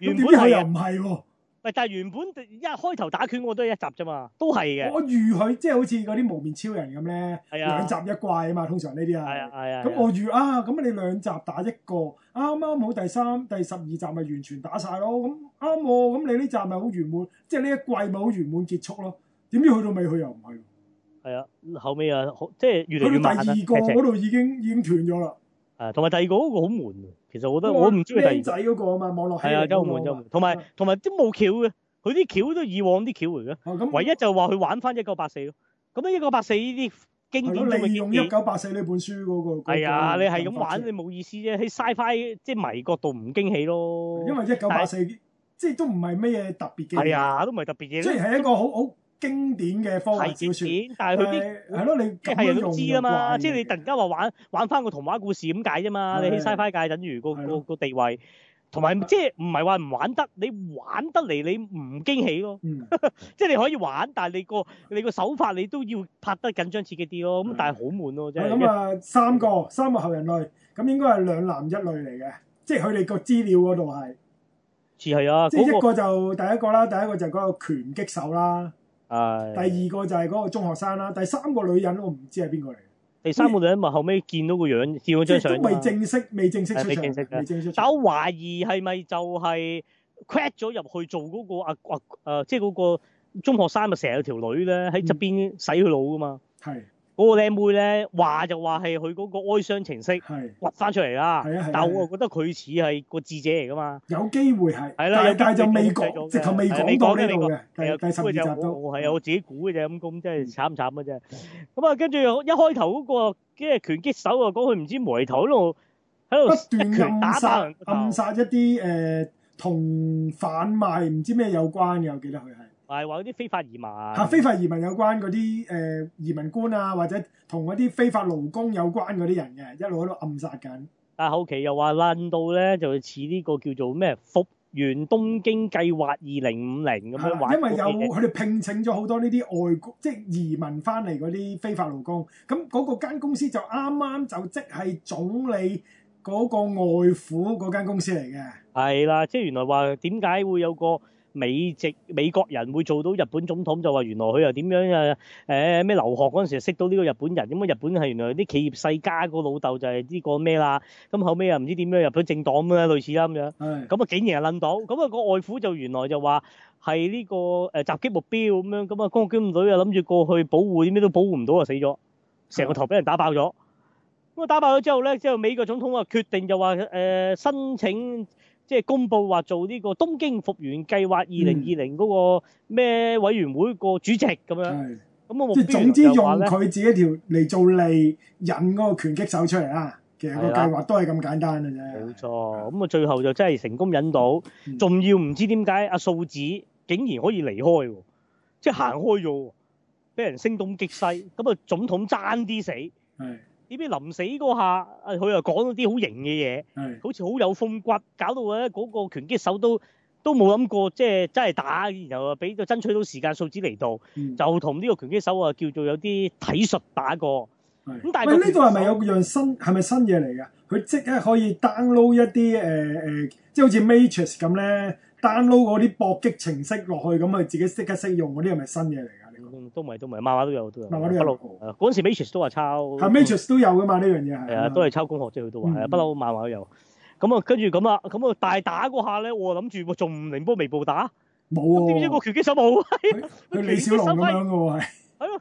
點知佢又唔係？喂，但係原本一開頭打拳我都係一集啫嘛，都係嘅。我預佢即係好似嗰啲無面超人咁咧，兩集、啊、一怪啊嘛，通常呢啲啊。係啊，係啊。咁我預啊，咁你兩集打一個，啱啱好第三第十二集咪完全打晒咯。咁啱，咁你呢集咪好圓滿，即係呢一季咪好圓滿結束咯。點知到去到尾佢又唔係。係啊，後尾啊，即、就、係、是、越嚟越慢、啊、到第二個嗰度已經已經斷咗啦。誒、啊，同埋第二個嗰個好悶，其實我覺得我唔中意第二個。僆仔嗰個啊嘛，網絡係啊，真係好悶，真好悶。同埋同埋都冇橋嘅，佢啲橋都以往啲橋嚟嘅。咁唯一就話佢玩翻、啊、一九八四咯。咁咧一九八四呢啲經典你未用一九八四呢本書嗰、嗰個。係啊，啊，啊，你係咁玩你冇意思啫，喺 sci 即係迷角度唔驚喜咯。因為一九八四啲，即係都唔係咩嘢特別嘅。係啊，都唔係特別嘢。即係係一個好好。經典嘅科幻小片，但係佢啲係咯，你即係人都知啊嘛。的即係你突然間話玩玩翻個童話故事咁解啫嘛。你喺西派界等於、那個個地位，同埋即係唔係話唔玩得、啊？你玩得嚟你唔驚喜咯。嗯、 即係你可以玩，但係你個你個手法你都要拍得緊張刺激啲咯，咯。咁但係好悶咯，真係。咁啊，三個三個後人類，咁應該係兩男一女嚟嘅，即係佢哋個資料嗰度係似係啊。即係一個就第一、那個啦，第一個就嗰個拳擊手啦。啊、第二個就係嗰個中學生啦、啊，第三個女人我唔知係邊個嚟。第三個女人咪後尾見到個樣子，見到張相，未正式，未正式出場,正式。但我懷疑係咪就係 cut 咗入去做嗰個啊啊誒，即係嗰個中學生咪成日有條女咧喺側邊洗佢腦㗎嘛？係、嗯。嗰、那個靚妹咧話就話係佢嗰個哀傷情色，掘翻出嚟啦。但我又覺得佢似係個智者嚟噶嘛。有機會係，係啦，有界就未講，是直頭未講嘅美個嘅。第第十二集我係我自己估嘅啫，咁、嗯、真係慘唔慘啊啫。咁啊、嗯那個呃，跟住一開頭嗰個即係拳擊手啊，講佢唔知埋頭喺度喺度不斷打殺暗殺一啲誒同販賣唔知咩有關嘅，我記得佢係。係話嗰啲非法移民啊，吓非法移民有關嗰啲誒移民官啊，或者同嗰啲非法勞工有關嗰啲人嘅，一路喺度暗殺緊。但係後期又話爛到咧，就似呢個叫做咩復原東京計劃二零五零咁樣玩、啊。因為有佢哋聘請咗好多呢啲外國即移民翻嚟嗰啲非法勞工，咁嗰個間公司就啱啱就即係總理嗰個外父嗰間公司嚟嘅。係、啊、啦，即係原來話點解會有個？美籍美國人會做到日本總統，就話原來佢又點樣啊？誒、欸、咩留學嗰陣時候識到呢個日本人，咁啊日本係原來啲企業世家的老就是這個老豆就係呢個咩啦？咁後尾又唔知點樣入咗政黨啊，類似啦咁樣。咁啊竟然又冧到，咁、那、啊，個外父就原來就話係呢個誒、呃、襲擊目標咁樣，咁啊公軍隊啊諗住過去保護，啲咩都保護唔到啊，死咗，成個頭俾人打爆咗。咁啊打爆咗之後咧，之後美國總統啊決定就話誒、呃、申請。即係公佈話做呢個東京復原計劃二零二零嗰個咩委員會個主席咁、嗯、樣，咁我就話佢自己條嚟做嚟引嗰個拳擊手出嚟啊。其實個計劃都係咁簡單嘅啫。冇錯，咁啊、嗯嗯、最後就真係成功引到，仲要唔知點解阿素子竟然可以離開喎，即係行開咗，俾人聲東擊西，咁啊總統爭啲死。呢邊臨死嗰下，啊佢又講到啲好型嘅嘢，好似好有風骨，搞到咧嗰個拳擊手都都冇諗過，即係真係打。然後俾佢爭取到時間數字嚟到，嗯、就同呢個拳擊手啊叫做有啲體術打過。咁但佢呢度係咪有樣新係咪新嘢嚟㗎？佢即刻可以 download 一啲誒誒，即係好似 Matrix 咁咧，download 嗰啲搏擊程式落去，咁啊自己即刻識用，嗰啲係咪新嘢嚟㗎？都唔係都唔係，漫畫都有，都有。漫畫都有。不嬲，嗰陣時 Matrix 都話抄。係 Matrix 都有噶嘛？呢樣嘢係。啊，都係抄攻殼啫，佢都話。係、嗯、啊，不嬲漫畫都有。咁啊，跟住咁啊，咁啊大打嗰下咧，我諗住仲唔凌波微步打。冇喎。點知個拳擊手冇？佢 李小龍咁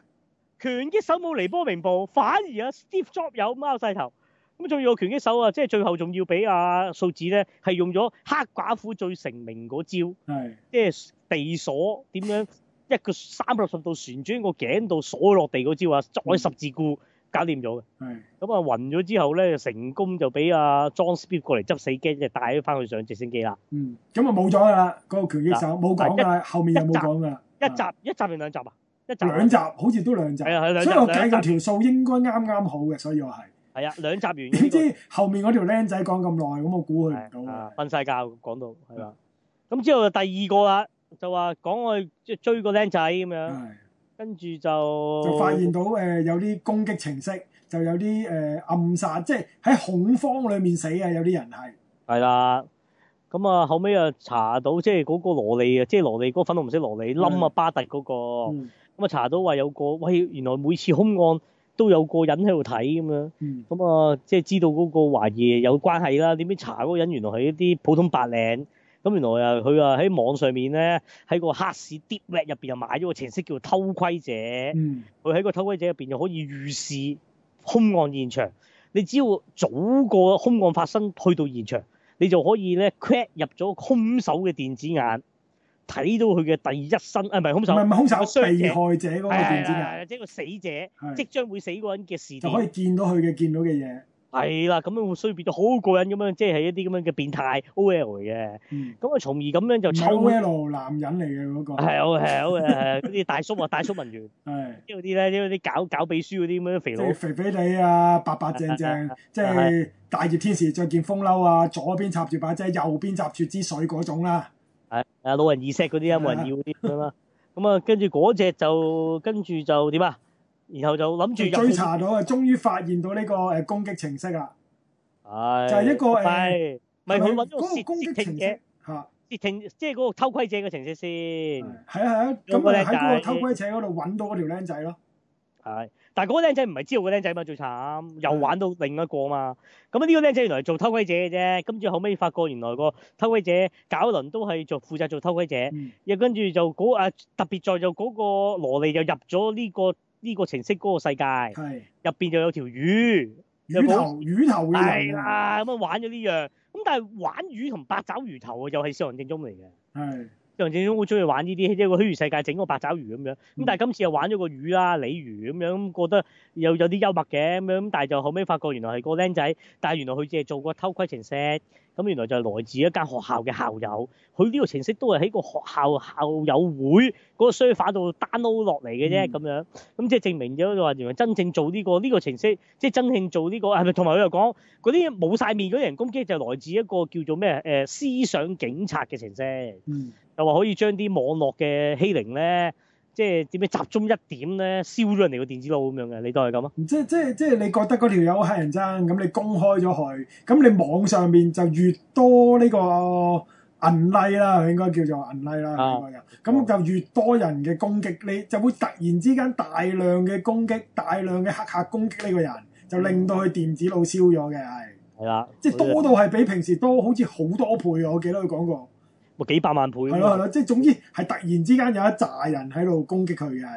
拳擊手冇凌波微步，反而啊 Steve Job 有掹晒頭。咁仲要個拳擊手、就是、啊，即係最後仲要俾阿數字咧，係用咗黑寡婦最成名嗰招。係。即係地鎖點樣？ 一個三百六十度旋轉個頸度鎖落地嗰招啊，再十字固搞掂咗嘅。係、嗯。咁、嗯、啊，暈咗之後咧，成功就俾阿 John Speed 過嚟執死機，就帶咗翻去上直升機啦。嗯，咁啊冇咗啦，嗰個拳擊手冇講啦，後面有冇講噶，一集一集定兩集啊？一集、就是、兩集，好似都兩集。係啊，係兩集。所以我計條數應該啱啱好嘅，所以我係。係啊，兩集完。點知後面嗰條僆仔講咁耐，咁我估佢係瞓晒覺講到係啦。咁之後就第二個啦。就話講我即係追，追個僆仔咁樣，跟住就就發現到誒、呃、有啲攻擊程式，就有啲誒、呃、暗殺，即係喺恐慌裏面死啊！有啲人係係啦，咁啊後尾啊查到即係嗰個蘿莉啊，即係蘿莉嗰、那個粉紅色蘿莉冧啊巴特嗰、那個，咁、嗯、啊查到話有個喂，原來每次兇案都有個人喺度睇咁樣，咁啊即係知道嗰個懷疑有關係啦。點知查嗰個人原來係一啲普通白領。咁原來啊，佢啊喺網上面咧，喺個黑市 deep web 入邊又買咗個程式叫做「偷窺者」。嗯，佢喺個偷窺者入邊就可以預示兇案現場。你只要早過兇案發生去到現場，你就可以咧 crack 入咗兇手嘅電子眼，睇到佢嘅第一身啊，唔係兇手，唔係唔係兇手，被害者嗰個電子眼、啊，即係個死者即將會死嗰個人嘅視聽，就可以見到佢嘅見到嘅嘢。係啦，咁樣會衰變到好過癮咁、就是、樣，即係一啲咁樣嘅變態 OL 嘅。嗯。咁啊，從而咁樣就抽。O L 男人嚟嘅嗰個。係，有係有嗰啲大叔啊，大叔文員。係。啲嗰啲咧，啲嗰啲搞搞秘書嗰啲咁樣肥佬，肥、就是、肥哋啊，白白淨淨，即 係、就是、大熱天時，著件風褸啊，左邊插住把遮，右邊插住支水嗰種啦、啊。係，誒老人意 set 嗰啲冇人要嗰啲啦。咁、那、啊、個，跟住嗰隻就跟住就點啊？然後就諗住追查到，誒，終於發現到呢個誒攻擊程式啦，係就係一個誒，咪去搵嗰個攻擊程式吓，竊聽，即係嗰個偷窺者嘅程式先。係啊係啊，咁我哋喺嗰個偷窺者嗰度搵到嗰條靚仔咯。係，但係嗰個靚仔唔係知道靚仔嘛，最慘又玩到另一個嘛。咁啊呢個靚仔原來做偷窺者嘅啫，跟住後尾發覺原來個偷窺者搞輪都係做負責做偷窺者，又跟住就嗰誒特別在就嗰個蘿莉就入咗呢個。呢、這個程式嗰個世界，入邊就有條魚，有冇魚頭魚係啦，咁啊玩咗呢樣，咁但係玩魚同八爪魚頭啊，又係四人正宗嚟嘅。梁振英好中意玩呢啲，即係個虛擬世界整個八爪魚咁樣。咁但係今次又玩咗個魚啊、鯉魚咁樣，覺得又有啲幽默嘅咁樣。但係就後尾發覺原來係個僆仔，但係原來佢只係做過偷窺程式。咁原來就係來自一間學校嘅校友。佢呢個程式都係喺個學校校友會嗰個沙發度 download 落嚟嘅啫咁樣。咁即係證明咗就話原來真正做呢個呢個程式，即係真正做呢個係咪？同埋佢又講嗰啲冇晒面嗰啲人攻擊就係來自一個叫做咩誒思想警察嘅程式。嗯又話可以將啲網絡嘅欺凌咧，即係點樣集中一點咧，燒咗人哋個電子腦咁樣嘅，你都係咁啊？唔即是即即係你覺得嗰條友好乞人憎，咁你公開咗佢，咁你網上面就越多呢、呢個銀例啦，佢應該叫做銀例啦，應該有，咁就越多人嘅攻擊，你就會突然之間大量嘅攻擊，大量嘅黑客攻擊呢個人，就令到佢電子腦燒咗嘅，係、嗯。係啊，即係多到係比平時多好似好多倍，我記得佢講過。咪幾百萬倍，係咯係咯，即係總之係突然之間有一紮人喺度攻擊佢嘅，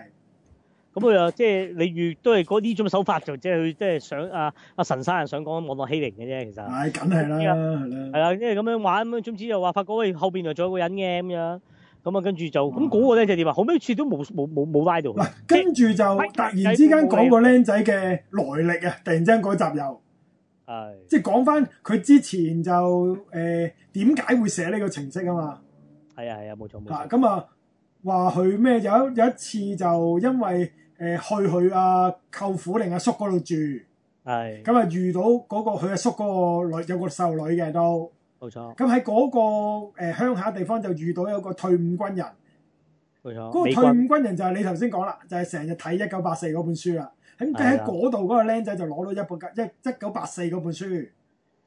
咁佢又即係你越都係嗰啲種手法就即係即係想啊啊神山人想講網絡欺凌嘅啫，其實。係、哎，梗係啦，係啦。係啦，因為咁樣玩咁，總之就話發覺喂，後邊仲有個人嘅咁、啊那個、樣，咁啊跟住就咁嗰個咧就點啊？後尾次都冇冇冇冇拉到。跟住就突然之間講個僆仔嘅來歷啊！突然之間改質料。即係講翻佢之前就誒，點、呃、解會寫呢個程式啊嘛？係啊係啊，冇錯冇錯。嗱咁啊，話佢咩？有有一次就因為誒、呃、去佢阿、啊、舅父定阿叔嗰度住，係咁啊，遇到嗰個佢阿叔嗰個女，有個細路女嘅都冇錯。咁喺嗰個誒鄉、呃、下地方就遇到有個退伍軍人，冇錯。嗰、嗰個退伍軍、軍人就係你頭先講啦，就係成日睇一九八四嗰本書啦。咁佢喺嗰度嗰個僆仔就攞到一本一一九八四嗰本書，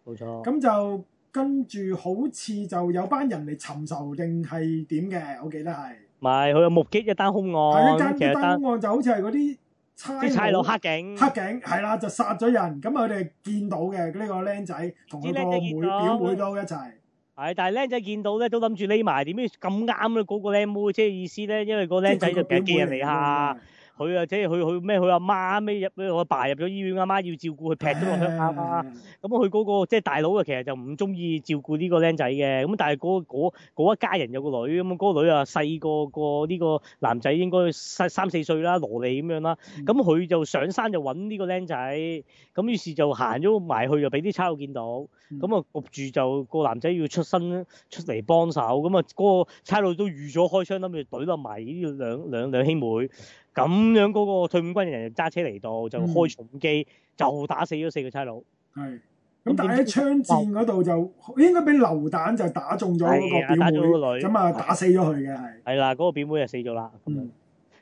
冇錯。咁就跟住好似就有班人嚟尋仇定係點嘅？我記得係。唔係佢有目擊一單兇案，係佢揸住單兇案就好似係嗰啲差佬黑警。黑警係啦，就殺咗人。咁佢哋見到嘅呢個僆仔同佢個妹表妹都一齊。係，但係僆仔見到咧都諗住匿埋，點解咁啱咧？嗰個僆妹即係意思咧，因為個僆仔就夾見人嚟嚇。佢啊，即係佢佢咩？佢阿媽咩入咩？我阿爸入咗醫院，阿媽，媽要照顧佢，劈咗落去。阿媽啦。咁佢嗰個即係大佬啊，其實就唔中意照顧呢個僆仔嘅。咁但係嗰一家人有個女，咁、那、嗰個女啊細個，個呢個男仔應該三三四歲啦，羅莉咁樣啦。咁佢就上山就揾呢個僆仔，咁於是就行咗埋去，就俾啲差佬見到，咁啊焗住就，就個男仔要出身出嚟幫手，咁啊嗰個差佬都預咗開槍，諗住懟冧埋呢兩兩兩兄妹。咁樣嗰個退伍軍人揸車嚟到就開重機、嗯、就打死咗四個差佬。係，咁但係喺槍戰嗰度就應該俾榴彈就打中咗嗰個表妹，咁啊打死咗佢嘅係。係啦，嗰、嗰個表妹就死咗啦。嗯，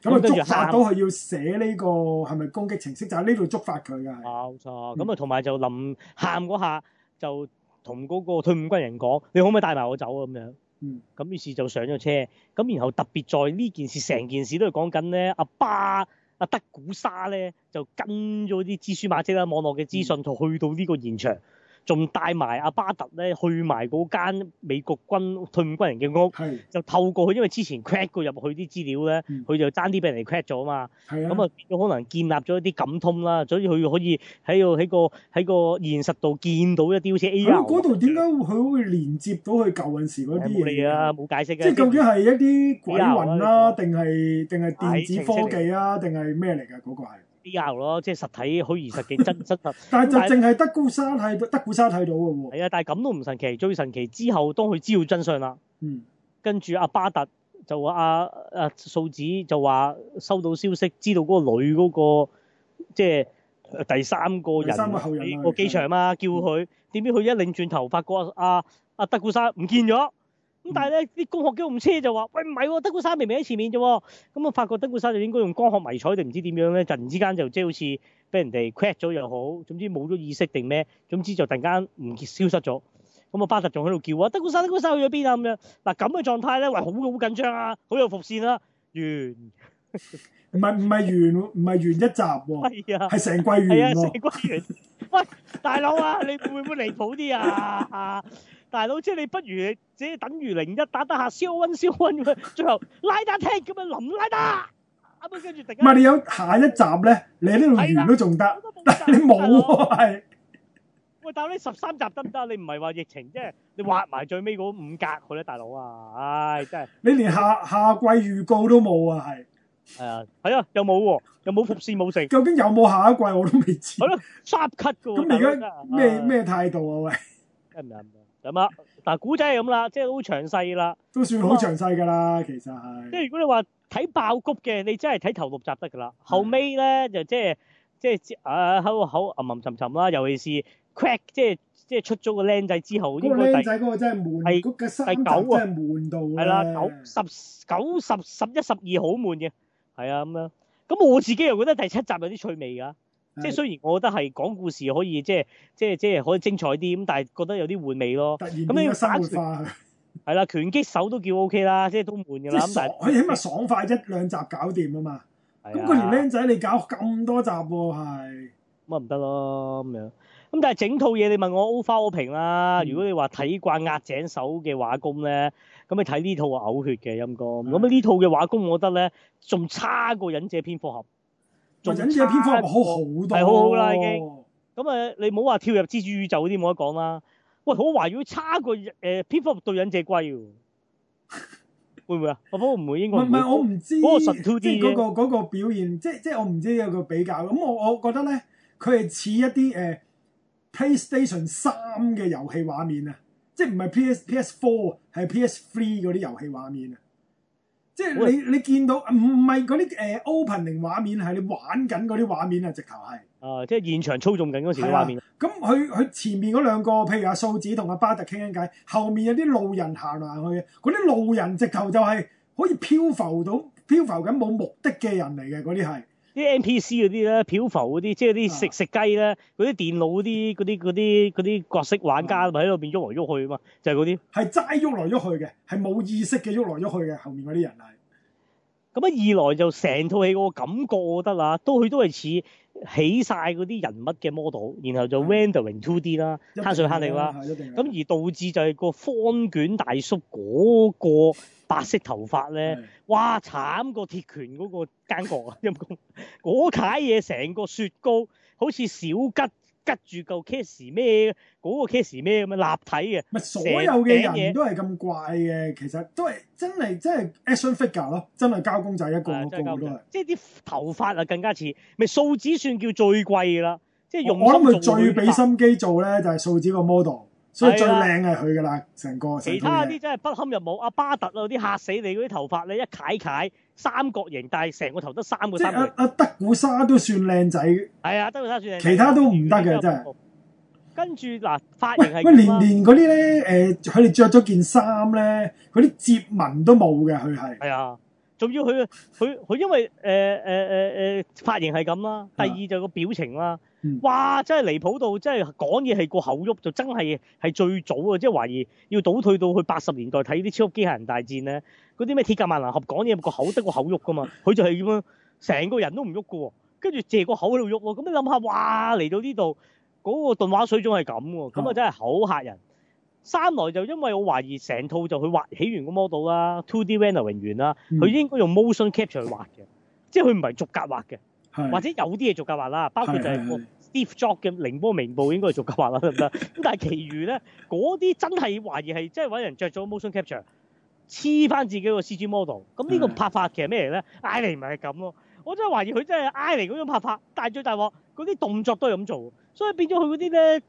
咁、那、啊、個嗯、觸發到佢要寫呢、呢個係咪攻擊程式就喺呢度觸發佢㗎。冇、啊、錯，咁啊同埋就臨喊嗰下就同嗰個退伍軍人講：你可唔可以帶埋我走啊？咁樣。嗯，咁於是就上咗車，咁然後特別在呢件事成、嗯、件事都係講緊咧，阿巴阿德古沙咧就跟咗啲蛛絲馬跡啦，網絡嘅資訊就、嗯、去到呢個現場。仲帶埋阿巴特咧去埋嗰間美國軍退伍軍人嘅屋，就透過佢，因為之前 crack 過入去啲資料咧，佢、嗯、就爭啲俾人哋 crack 咗嘛。咁啊，就變咗可能建立咗一啲感通啦，所以佢可以喺個喺個喺個現實度見到一啲好似 A I。嗰度點解佢會連接到佢舊陣時嗰啲嚟啊？冇解釋嘅、啊。即係究竟係一啲鬼魂啦、啊，定係定係電子科技啊，定係咩嚟㗎？嗰、嗰個係。AR 咯，即係實，實體，虛而實嘅真真實。 但係就淨係德古沙睇，德古沙睇到嘅喎。係 啊，但係咁都唔神奇，最神奇之後，當佢知道真相啦。嗯。跟住阿巴特就話阿阿素子就話收到消息，知道嗰個女嗰、那個即係、就是、第三個人第三個人個機場嘛、啊，叫佢。點知佢一擰轉頭，發覺阿、啊、阿、啊、德古沙唔見咗。咁、嗯、但係咧啲工學機唔黐就話，喂唔係、啊，德古山明明喺前面啫。咁、嗯、啊，我發覺德古山就應該用光學迷彩定唔知點樣咧，突然之間就即係好似俾人哋 cut 咗又好，總之冇咗意識定咩，總之就突然間唔消失咗。咁、嗯、啊，巴特仲喺度叫啊，德古山，德古山去咗邊啊？咁樣嗱，咁嘅狀態咧，喂好好緊張啊，好有伏線啦、啊。完，唔係唔係完，唔係完一集喎，係啊，係成、啊、季完喎。啊，成、啊、季完。 喂，大佬啊，你會唔會離譜啲啊？大佬，即係你不如即係等於零一打，打，打，得下燒温燒温咁最後拉單聽咁樣淋拉單。啱，跟住突然間唔係你有下一集咧，你喺度完都仲得，你冇係。喂，但係 你十三集得唔得？你唔係話疫情即係 你畫埋最尾嗰五格佢啲大佬啊！唉、哎，真係你連下下季預告都冇啊！係係啊，係啊，又冇喎，又冇伏線冇成。 究竟有冇下一季我都未知。係 咯，三級嘅咁而家咩咩態度啊？喂。 咁 啊，嗱古仔係咁啦，即係好詳細啦，都算好詳細噶啦，其實係。即係如果你話睇爆谷嘅，你真係睇頭六集得噶啦，後尾咧就即係即係啊喺個口吟吟沉沉啦，尤其是 crack 即係即係出咗個僆仔之後，嗰、個僆仔嗰個真係悶，係第九啊，嗰個、真係悶到，係啦，九十九十十一十二好悶嘅，係啊咁樣。咁我自己又覺得第七集有啲趣味噶。即係雖然我覺得係講故事可以即係即係即係可以精彩啲咁，但係覺得有啲玩味咯。突然咁你要生化係啦， 拳擊手都叫 OK 啦，即係都悶㗎啦。即係爽，佢起碼爽快，一兩集搞掂啊嘛。咁、嗰個年僆仔你搞咁多集喎、啊，係咁啊，唔得咯咁樣。咁但係整套嘢你問我 overall 評啦。如果你話睇慣押井守嘅畫工咧，咁你睇呢套我嘔血嘅陰公。咁呢套嘅畫工我覺得咧仲差過忍者蝙蝠俠。做忍者篇幅好多，啊、嗯，好多，係好好啦，已經。咁啊，你唔好話跳入蜘蛛宇宙嗰啲冇得講啦。喂，好懷疑差過誒《蝙蝠俠對忍者龜》會唔會啊？我唔會，應該唔會。唔係我唔知，那個，神即係嗰，那個嗰，那個表現，即係即係我唔知有個比較。咁我我覺得咧，佢係似一啲誒、呃、PlayStation 三嘅遊戲畫面啊，即係唔係 PS PS Four，係 PS Three 嗰啲遊戲畫面啊。即係你你見到唔係嗰啲誒 opening 畫面係你玩緊嗰啲畫面啊，直頭係啊，即係現場操縱緊嗰啲畫面。咁佢佢前面嗰兩個，譬如阿素子同阿巴特傾緊偈，後面有啲路人行嚟行去嘅，嗰啲路人直頭就係可以漂浮到漂浮緊冇目的嘅人嚟嘅，嗰啲係。啲 NPC 嗰啲咧，漂浮嗰啲，即係啲食食雞咧，嗰、啊、啲電腦嗰啲啲啲啲角色玩家咪喺度邊喐來喐去啊嘛，就係嗰啲，係齋喐來喐去嘅，係冇意識嘅喐來喐去嘅，後面嗰啲人係。咁啊，二來就成套戲個感覺我覺得啦，都佢都係似。起晒嗰啲人物嘅 model，然後就 rendering 2D 啦，慳、啊、水慳力啦。咁、啊啊啊啊啊、而導致就係個方卷大叔嗰個白色頭髮咧， 哇！慘過、嗰個、鐵拳嗰個間角陰公，嗰踩嘢成個雪糕，好似小吉。吉住個 case 咩？嗰個 case 咩咁樣立體嘅？咪所有嘅人都係咁怪嘅，其實都係真係真係 action figure 咯，真係膠公仔一個一個一個都係。即係啲頭髮啊更加似，咪素子算叫最貴啦。即係用我諗佢最俾心機做咧，就係素子個 model，所以最靚係佢噶啦，成個。其他啲真係不堪入目，阿巴特啊啲嚇死你嗰啲頭髮你一曬曬。三角形，但係成個頭得三個三角形。即係、啊、德古沙都算靚仔。係啊，德古沙算靚。其他都唔得嘅，真係。跟住嗱，髮型、啊。喂、啊、喂，連連嗰啲咧，誒、呃，佢哋着咗件衫咧，嗰啲接紋都冇嘅，佢係。係啊。仲要佢佢佢，因為誒誒誒誒髮型係咁啦，第二就個表情啦，哇、啊嗯！真係離譜到，真係講嘢係個口喐，就真係係最早啊！即係懷疑要倒退到去八十年代睇啲超級機械人大戰咧，嗰啲咩鐵甲萬能俠講嘢個口得個口喐噶嘛，佢就係咁樣成個人都唔喐噶喎，跟住借個口喺度喐喎，咁你諗下，哇！嚟到呢度嗰個動畫水準係咁喎，咁啊真係好嚇人。啊。三來就因為我懷疑成套就佢畫起完個 model 啦，2D rendering 完啦，佢應該用 motion capture 去畫嘅，即係佢唔係逐格畫嘅，或者有啲嘢逐格畫啦，包括就係 Steve Job 嘅《凌波明報》應該係逐格畫啦，得唔得？咁但係其餘咧，嗰啲真係懷疑係即係揾人着咗 motion capture 黐翻自己個 CG model，咁呢個拍法其實咩嚟咧？I 嚟咪係咁咯，我真係懷疑佢真係 I 嚟嗰種拍法，但係最大鑊，嗰啲動作都係咁做，所以變咗佢嗰啲咧。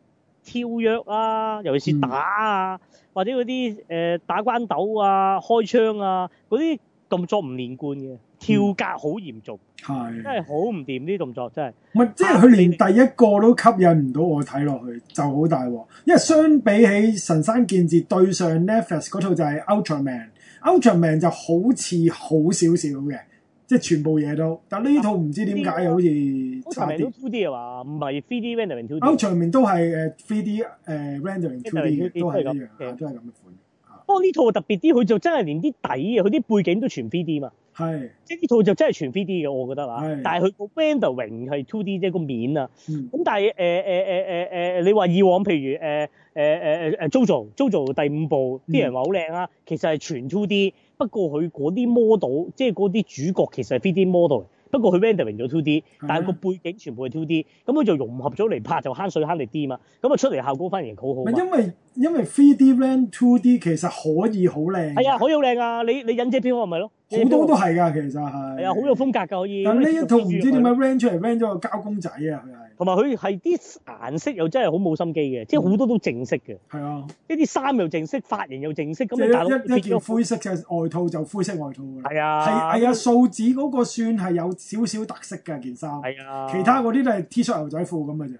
跳躍啊，尤其是打啊，嗯、或者嗰啲誒打關鬥啊、開槍啊嗰啲動作唔連貫嘅、嗯，跳格好嚴重，係真係好唔掂啲動作真係。唔係即係佢連第一個都吸引唔到我睇落去，就好大鑊。因為相比起神山健治對上 Netflix 嗰套就係 Ultra Man，Ultra Man 就好似好少少嘅。即係全部嘢都，但係呢套唔知點解、oh, 啊，好似差啲。都 two d 啊嘛，唔係 three d rendering。啲場面都係 three d 誒 rendering，都係咁，嘅，都係咁嘅款。不過呢套特別啲，佢就真係連啲底啊，佢啲背景都全 three d 嘛。係。即係呢套就真係全 three d 嘅，我覺得嚇。但係佢個 rendering 係 two d 即係個面啊。咁、嗯、但係誒誒誒誒誒，你話以往譬如誒誒誒誒誒 Jojo Jojo 第五部啲人話好靚啊，其實係全 two d 不過佢嗰啲 model，即係嗰啲主角其實係 3D model，不過佢 rendering 咗 2D，但係個背景全部係 2D，咁佢就融合咗嚟拍就慳水慳力啲嘛，咁啊出嚟效果反而好好。因為因為 3D render 2D 其實可以好靚。係啊，可以好靚啊！你你忍者片咪咯，好多都係㗎，其實係。係啊，好有風格㗎可以。但呢一套唔知點解 render 出嚟 render 咗個膠公仔啊！同埋佢係啲顏色又真係好冇心機嘅，即係好多都正色嘅。係啊，一啲衫又正色，髮型又正色。咁你大佬變咗灰色嘅外套就灰色外套㗎啦。係啊，係係啊，數字嗰個算係有少少特色㗎，件衫。係啊，其他嗰啲都係 T 恤牛仔褲咁嘅啫。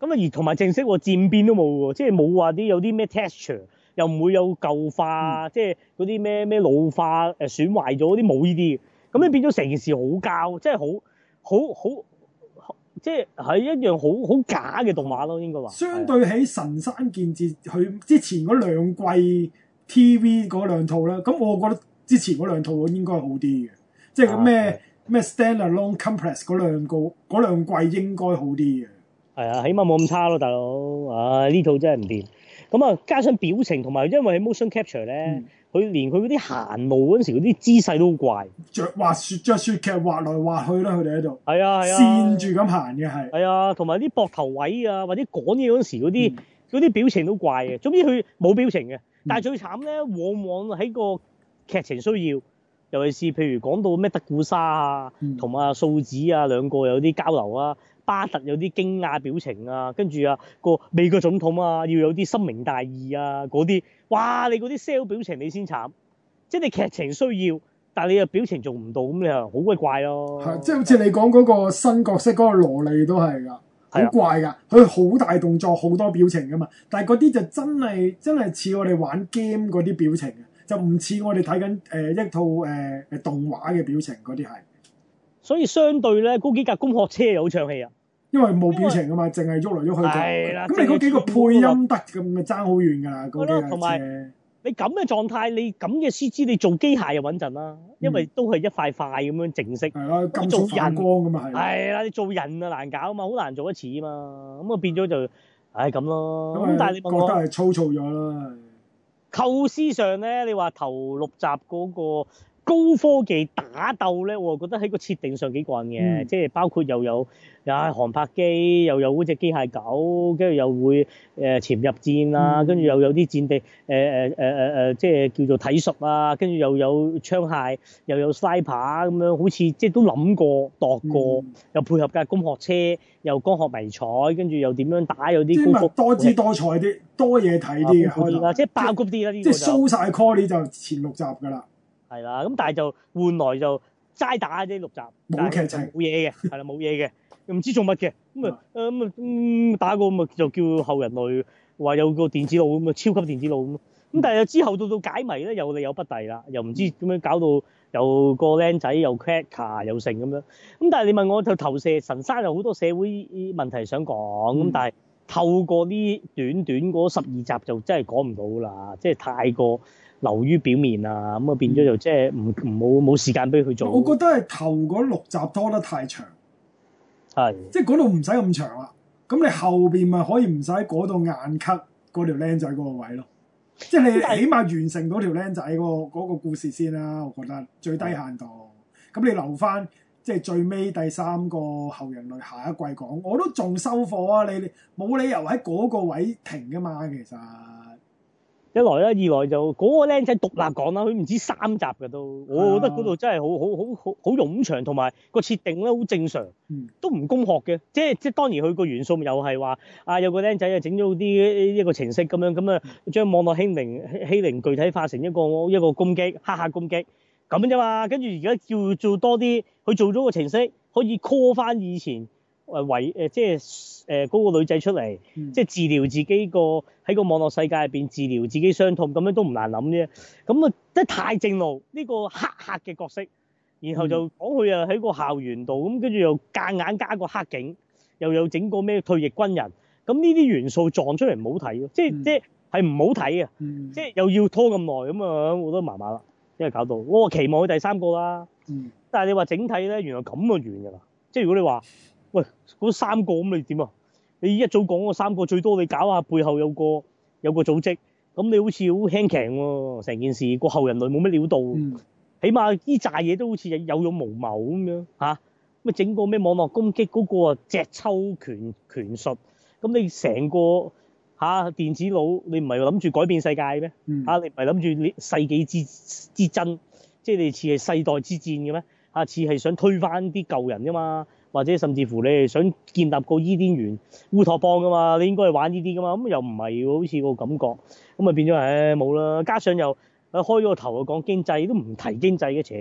咁啊，而同埋正色喎，漸變都冇喎，即係冇話啲有啲咩 texture，又唔會有舊化，嗯、即係嗰啲咩咩老化誒損壞咗啲冇呢啲嘅。咁你變咗成件事好膠，即係好好好。即係喺一樣好好假嘅動畫咯，應該話。相對喺《神山健治》佢之前嗰兩季 TV 嗰兩套咧，咁我覺得之前嗰兩套應該好啲嘅，即係個咩咩、啊、Stand Alone Complex 嗰兩個嗰兩季應該好啲嘅。係啊，起碼冇咁差咯，大佬。唉、啊，呢套真係唔掂。咁啊，加上表情同埋因為係 motion capture 咧、嗯。佢連佢嗰啲行路嗰陣時嗰啲姿勢都怪，著滑雪著雪劇滑來滑去啦，佢哋喺度。係啊係啊，跣住咁行嘅係。係啊，同埋啲膊頭位啊，或者講嘢嗰陣時嗰啲嗰啲表情都怪嘅。總之佢冇表情嘅。但係最慘咧，往往喺個劇情需要，尤其是譬如講到咩德古沙啊，同、嗯、阿素子啊兩個有啲交流呀、啊，巴特有啲驚訝表情啊，跟住啊個美國總統啊要有啲深明大義啊嗰啲。哇！你嗰啲 sell 表情你先慘，即係你劇情需要，但係你又表情做唔到，咁你啊好鬼怪咯。係，即係好似你講嗰個新角色嗰個蘿莉都係㗎，好怪㗎，佢好大動作，好多表情噶嘛。但係嗰啲就真係真係似我哋玩 game 嗰啲表情嘅，就唔似我哋睇緊誒一套誒誒、呃、動畫嘅表情嗰啲係。所以相對咧，嗰幾架公學車又好唱戲啊！因為冇表情噶嘛，淨係喐嚟喐去咁，咁你嗰幾個配音得咁咪差好遠噶啦，嗰啲同埋你咁嘅狀態，你咁嘅 CG，你, CG, 你做機械又穩陣啦、嗯，因為都係一塊塊咁樣靜式。係啦，金做發光咁嘛。係。係啦，你做人啊難搞啊嘛，好難做一次啊嘛，咁啊變咗就，唉咁、哎、咯。咁但係你覺得係粗糙咗啦。構思上咧，你話頭六集嗰、那個。高科技打鬥咧，我覺得喺個設定上幾慣嘅、嗯，即係包括又有唉航拍機，又有嗰隻機械狗，跟住又會誒、呃、潛入戰啦、啊，跟、嗯、住又有啲戰地誒誒誒誒誒，即係叫做體術啊，跟住又有槍械，又有 slipper 咁樣，好似即係都諗過，度過、嗯、又配合架工學車，又光學迷彩，跟住又點樣打有啲高多姿多彩啲，多嘢睇啲可以啊，即係爆谷啲啦，即係 show 曬 call 你就前六集㗎啦。係啦，咁但係就換來就齋打呢六集，冇劇集，冇嘢嘅，係 啦，冇嘢嘅，又唔知做乜嘅，咁啊，咁、嗯、啊，打過咁啊，就叫後人類話有個電子腦咁啊，超級電子腦咁，咁但係之後到到解謎咧、嗯，又力有不逮啦，又唔知點樣搞到有個僆仔又 cracker 又成咁樣，咁但係你問我就投射神山有好多社會問題想講，咁、嗯、但係透過呢短短嗰十二集就真係講唔到啦，即係太過。流於表面啊，咁啊變咗就即係唔唔冇冇時間俾佢做。我覺得係頭嗰六集拖得太長，係、啊、即係度唔使咁長啦。咁你後邊咪可以唔使嗰度硬咳嗰條靚仔嗰個位咯。即係你起碼完成嗰條靚仔嗰嗰個故事先啦、啊。我覺得最低限度。咁、嗯、你留翻即係最尾第三個後人類下一季講，我都仲收貨啊！你冇理由喺嗰個位停噶嘛，其實。一來咧，二來就嗰個僆仔獨立講啦，佢唔知三集嘅都，我覺得嗰度真係好好好好好冗長，同埋個設定咧好正常，都唔攻殼嘅，即係即係當然佢個元素又係話啊有個僆仔啊整咗啲一個程式咁樣咁啊，將網絡欺凌欺凌具體化成一個一個攻擊黑客攻擊咁啫嘛，跟住而家叫做多啲佢做咗個程式可以 call 翻以前。誒為誒即係誒嗰個女仔出嚟，嗯、即係治療自己個喺個網絡世界入邊治療自己傷痛，咁樣都唔難諗啫。咁、嗯、啊，即、嗯、係太正路呢個黑客嘅角色，然後就講佢啊喺個校園度咁，跟住又夾硬加個黑警，又有整個咩退役軍人，咁呢啲元素撞出嚟唔好睇，即係、嗯、即係係唔好睇嘅，嗯、即係又要拖咁耐咁啊，樣我覺得麻麻啦，因為搞到我期望佢第三個啦，但係你話整體咧，原來咁啊完㗎啦，即係如果你話。喂，嗰三個咁你點啊？你一早講三個最多你搞下背後有個有個組織，咁你好似好輕強喎、喔，成件事個後人類冇乜料到，起碼呢扎嘢都好似有勇無謀咁樣咁啊整個咩網絡攻擊嗰個啊，隻抽拳拳術，咁你成個嚇、啊、電子佬，你唔係諗住改變世界咩？嚇、嗯、你唔係諗住世紀之之爭，即係你似係世代之戰嘅咩？嚇似係想推翻啲舊人噶嘛？或者甚至乎你哋想建立個伊甸園烏托邦噶嘛，你應該係玩呢啲噶嘛，咁又唔係好似個感覺，咁啊變咗，唉冇啦。加上又開咗個頭啊，講經濟都唔提經濟嘅，超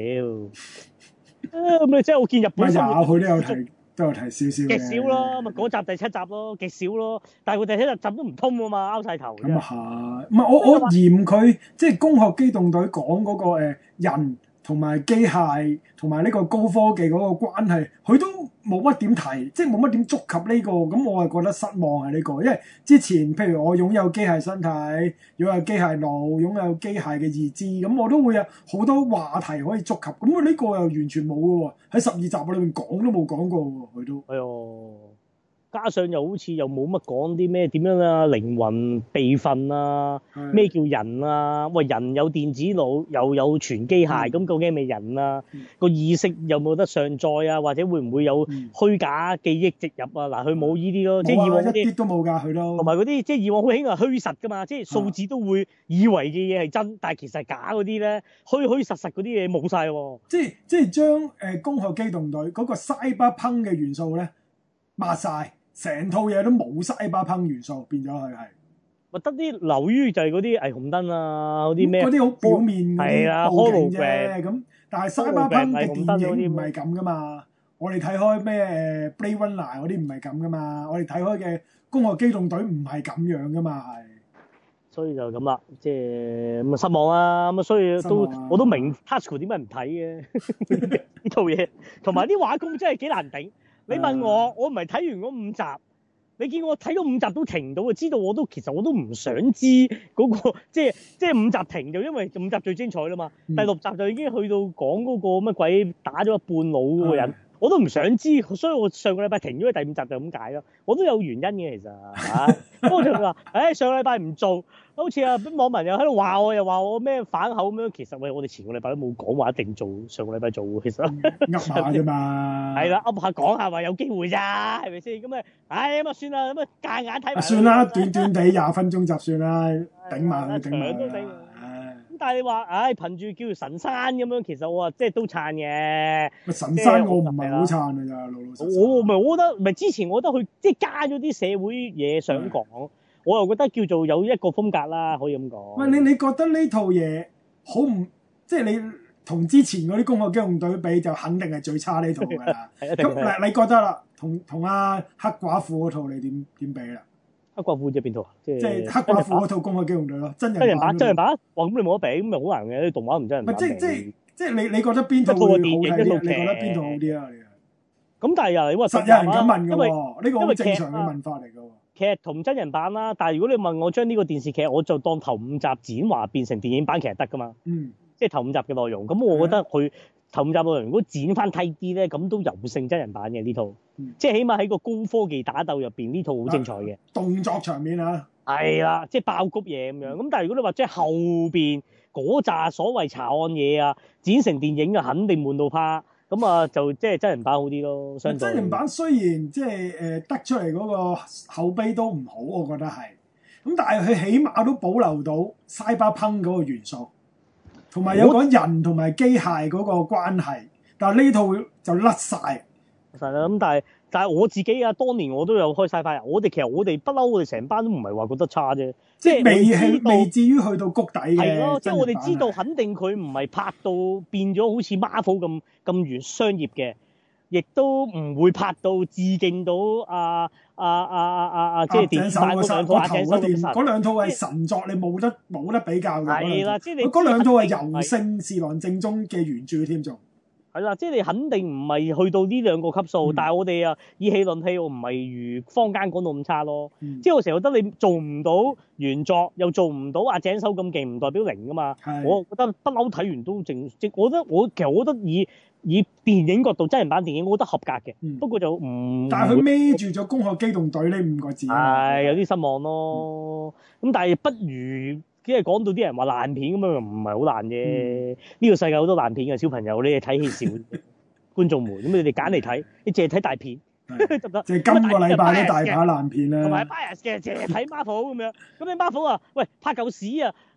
咁你真係我見日本。唔係，佢都有提，都有提少少。極少咯，咪嗰集第七集咯，極少咯。但係佢第七集都唔通噶嘛，拗晒頭。咁啊唔係我，我嫌佢即係《攻殼機動隊》講嗰個人。同埋機械同埋呢個高科技嗰個關係，佢都冇乜點提，即係冇乜點觸及呢個，咁我係覺得失望係呢個，因為之前譬如我擁有機械身體，擁有機械腦，擁有機械嘅意志，咁我都會有好多話題可以觸及，咁啊呢個又完全冇嘅喎，喺十二集裏面講都冇講過喎，佢都。哎呦～加上又好似又冇乜講啲咩點樣啊，靈魂備份啊，咩叫人啊？喂，人有電子腦又有全機械，咁究竟係咪人啊？個意識有冇得上載啊？或者會唔會有虛假記憶植入啊？嗱，佢冇依啲咯，即係以往啲都冇㗎佢都，同埋嗰啲，即係以往好興啊虛實㗎嘛，即係數字都會以為嘅嘢係真但係其實係假嗰啲咧，虛虛實實嗰啲嘢冇晒喎，即係即係將誒攻殼機動隊嗰個 Cyberpunk 嘅元素咧抹晒。成套嘢都冇塞巴烹元素，變咗佢係，得啲流於就係嗰啲霓虹燈啊嗰啲咩？嗰啲好表面，係啊，表面啫。咁但係塞巴烹嘅電影唔係咁噶嘛，我哋睇開咩《Blade Runner》嗰啲唔係咁噶嘛，我哋睇開嘅《攻殼機動隊》唔係咁樣噶嘛，係。所以就咁啦，即係失望啊！咁啊，所以都我都明 Tasuku 點解唔睇嘅呢套嘢，同埋啲畫工真係幾難頂。你問我，我唔係睇完嗰五集，你見我睇咗五集都停到，知道我都其實我都唔想知嗰個，即係即係五集停就因為五集最精彩啦嘛，第六集就已經去到講嗰個乜鬼打咗一半腦嗰個人。嗯我都唔想知，所以我上個禮拜停咗第五集就咁解咯。我都有原因嘅，其實嚇。咁我就話，誒、哎、上個禮拜唔做，好似啊網民又喺度話我又話我咩反口咁樣。其實喂，我我哋前個禮拜都冇講話一定做，上個禮拜做其實噏下啫嘛。係 啦，噏下講下話有機會咋，係咪先？咁、哎、誒，唉咁啊算啦，咁啊隔硬睇埋。算啦， 短短地廿分鐘就算啦， 頂埋佢，頂埋但係你話，唉、哎，憑住叫神山咁樣，其實我話，即係都撐嘅。神山我唔係好撐㗎，老老實實我唔係，我覺得唔係之前，我覺得佢即係加咗啲社會嘢想講，我又覺得叫做有一個風格啦，可以咁講。喂，你你覺得呢套嘢好唔即係你同之前嗰啲《攻殼機動隊》對比，就肯定係最差呢套㗎啦。咁嗱，你覺得啦，同同阿黑寡婦嗰套你點點比啦？黑寡婦只邊套啊？即係黑寡婦嗰套公嘅英雄隊咯，真人真人版真人版，真人版，哇咁你冇得比，咁咪好難嘅，啲動畫唔真人版。唔即係即係即係你你覺得邊套電影，你覺得邊套好啲啊？你咁但係又如果話實有人咁問嘅喎，呢、這個好正常嘅問法嚟嘅喎。劇同真人版啦，但係如果你問我將呢個電視劇，我就當頭五集剪話變成電影版其實得噶嘛。嗯。即係頭五集嘅內容，咁我覺得佢。頭五集我如果剪翻梯啲咧，咁都尤勝真人版嘅呢套，即、嗯、係起碼喺個高科技打鬥入面呢套好精彩嘅、啊。動作場面啊，係、哎、啦，即係爆谷嘢咁樣。咁但係如果你話即係後邊嗰紮所謂查案嘢啊，剪成電影啊，肯定悶到怕。咁啊，就即係真人版好啲咯。相對真人版雖然即係得出嚟嗰個口碑都唔好，我覺得係。咁但係佢起碼都保留到 Cyberpunk 嗰個元素。同埋有講人同埋機械嗰個關係，但係呢套就甩晒。係啦，咁但係但係我自己啊，當年我都有開晒派，我哋其實我哋不嬲，我哋成班都唔係話覺得差啫，即係未未至於去到谷底嘅。係咯，即係我哋知道，肯定佢唔係拍到變咗好似 Marvel 咁咁完商業嘅。亦都唔會拍到致敬到啊啊啊啊啊！即、啊、係《井、啊啊啊啊、手》嗰、啊啊啊、兩,兩套，《井係神作，你冇得冇得比較㗎。係啦，即係你嗰兩套係由士郎正宗嘅原著添，仲係啦，即係你肯定唔係去到呢兩個級數。但係我哋啊、嗯，以戲論戲，我唔係如坊間講到咁差咯、嗯。即係我成日覺得你做唔到原作，又做唔到阿、啊、井手咁勁，唔代表零㗎嘛。我覺得不嬲睇完都正，即我覺得我其實我覺得以。以電影角度真人版電影，我覺得合格嘅、嗯。不過就唔、嗯。但佢孭住咗《攻殼機動隊》呢五個字。唉，有啲失望咯。咁、嗯、但係不如，即係講到啲人話爛片咁樣唔係好爛啫。呢、嗯呢個世界好多爛片嘅，小朋友你哋睇戲少， 觀眾們，咁你哋揀嚟睇，你淨係睇大片，得唔得？淨 係今個禮拜都大把爛片啦。同埋 Bias 淨係睇 Marvel 咁樣。咁 你 Marvel 啊，喂，拍嚿屎啊！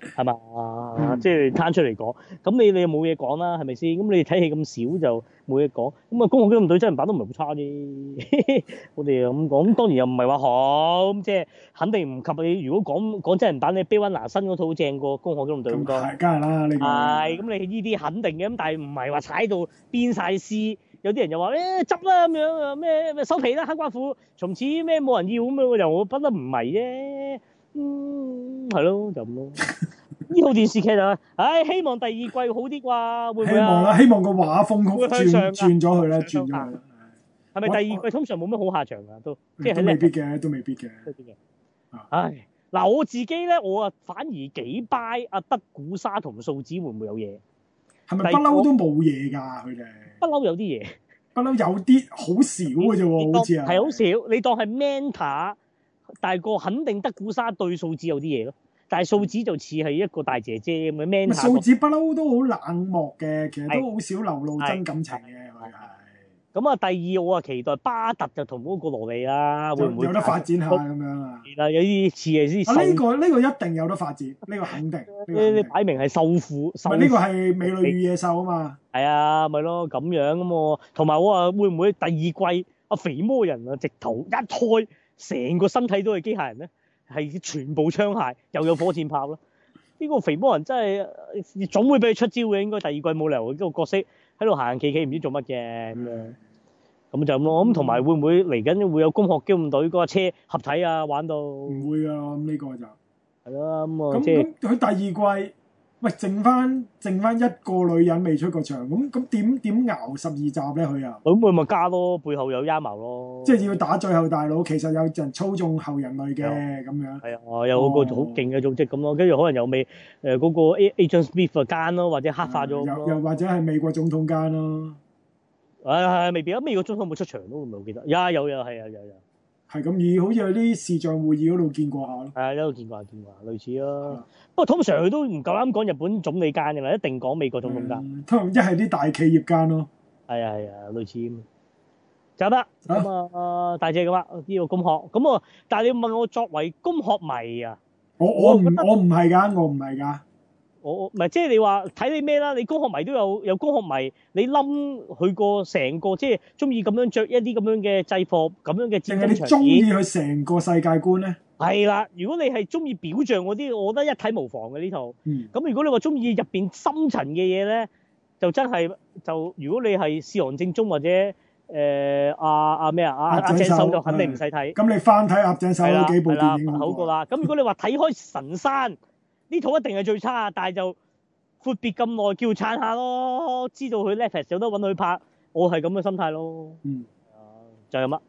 係嘛、嗯？即係攤出嚟講，咁你你又冇嘢講啦，係咪先？咁你睇戲咁少就冇嘢講。咁啊，《攻殼機動隊》真人版都唔係好差啫。 我哋又咁講，當然又唔係話好，即係肯定唔及你。如果講講真人版咧，《悲韻難伸》嗰套好正過《攻殼機動隊》好多。梗係啦，呢、哎、個。咁你呢啲肯定嘅，咁但係唔係話踩到變晒絲？有啲人又話，誒執啦咁樣啊咩收皮啦，黑寡婦從此咩冇人要咁樣。我又覺得唔係啫。嗯，係咯，就咁咯。呢 套電視劇就唉，希望第二季好啲啩，會唔會啊？希望啦，希望個畫風轉轉咗佢咧，轉咗佢。係咪、啊、第二季通常冇乜好下場噶都？即係未必嘅，都未必嘅。都嘅、啊。唉，嗱，我自己咧，我啊反而幾拜阿德古沙同素子會唔會有嘢？係咪不嬲都冇嘢噶佢哋？不嬲有啲嘢，不嬲有啲好少嘅啫喎，好似係好少。你當係 Manta。大個肯定德古沙對素子有啲嘢咯，但係素子就似係一個大姐姐咁嘅 man 下。素子、嗯、不嬲都好冷漠嘅，其實都好少流露真感情嘅，係。咁啊，第二我啊期待巴特就同嗰個羅莉啦，會唔會有得發展下咁樣啊？係有啲似係啲。啊、呢、這個呢、這個一定有得發展，呢、這個、 個肯定。你呢擺明係秀富，秀。呢、這個係美女與野獸啊嘛。係啊，咪、就是、咯咁樣咁嘛。同埋我啊，會唔會第二季阿肥魔人啊，直頭一胎？成個身體都係機械人咧，係全部槍械又有火箭炮咯。呢 個肥波人真係總會俾佢出招嘅，應該第二季冇理由、呢個角色喺度行行企企唔知做乜嘢。咁、嗯、樣，咁就咁咯。咁同埋會唔會嚟緊會有攻殼機動隊嗰、嗰個車合體啊？玩到唔會㗎，呢個就係咯。咁我咁咁佢第二季。喂，剩翻剩翻一個女人未出過場，咁咁點點熬十二集咧？佢啊，咁佢咪加咯，背後有陰謀咯，即係要打最後大佬，其實有陣操縱後人類嘅咁樣。係啊，哦，有個好勁嘅組織咁咯，跟住可能有未誒嗰個 Agent Smith 奸咯，或者黑化咗又或者係美國總統奸咯。唉，係啊，未必啊，美國總統冇出場咯？唔係好記得呀，有有係啊有有。係咁易，好似喺啲視像會議嗰度見過一下咯。係啊，一路見過啊，見過啊，類似咯。不過通常佢都唔夠膽講日本總理間嘅嘛，一定講美國總理間。通常一係啲大企業間咯。係啊係啊，類似咁就得。咁啊、嗯、大隻嘅話，呢、呢個工學咁啊，但係你要問我作為工學迷啊，我我唔我唔係㗎，我唔係㗎。我唔係即係你話睇你咩啦？你攻殼迷都有，有攻殼迷，你冧佢個成個即係中意咁樣着一啲咁樣嘅制服、咁樣嘅戰爭場面。定係你中意佢成個世界觀咧？係啦，如果你係中意表象嗰啲，我覺得一睇無妨嘅呢套。咁、嗯、如果你話中意入邊深層嘅嘢咧，就真係就如果你係士郎正宗或者誒阿阿咩啊阿阿押井守就肯定唔使睇。咁你翻睇阿押井守嗰幾部電影好過啦。咁如果你話睇開神山。 呢套一定係最差的，但係就闊別咁耐，叫撐下咯，知道佢叻曬，有得揾佢拍，我係咁嘅心態咯。嗯，就咁、是、啊。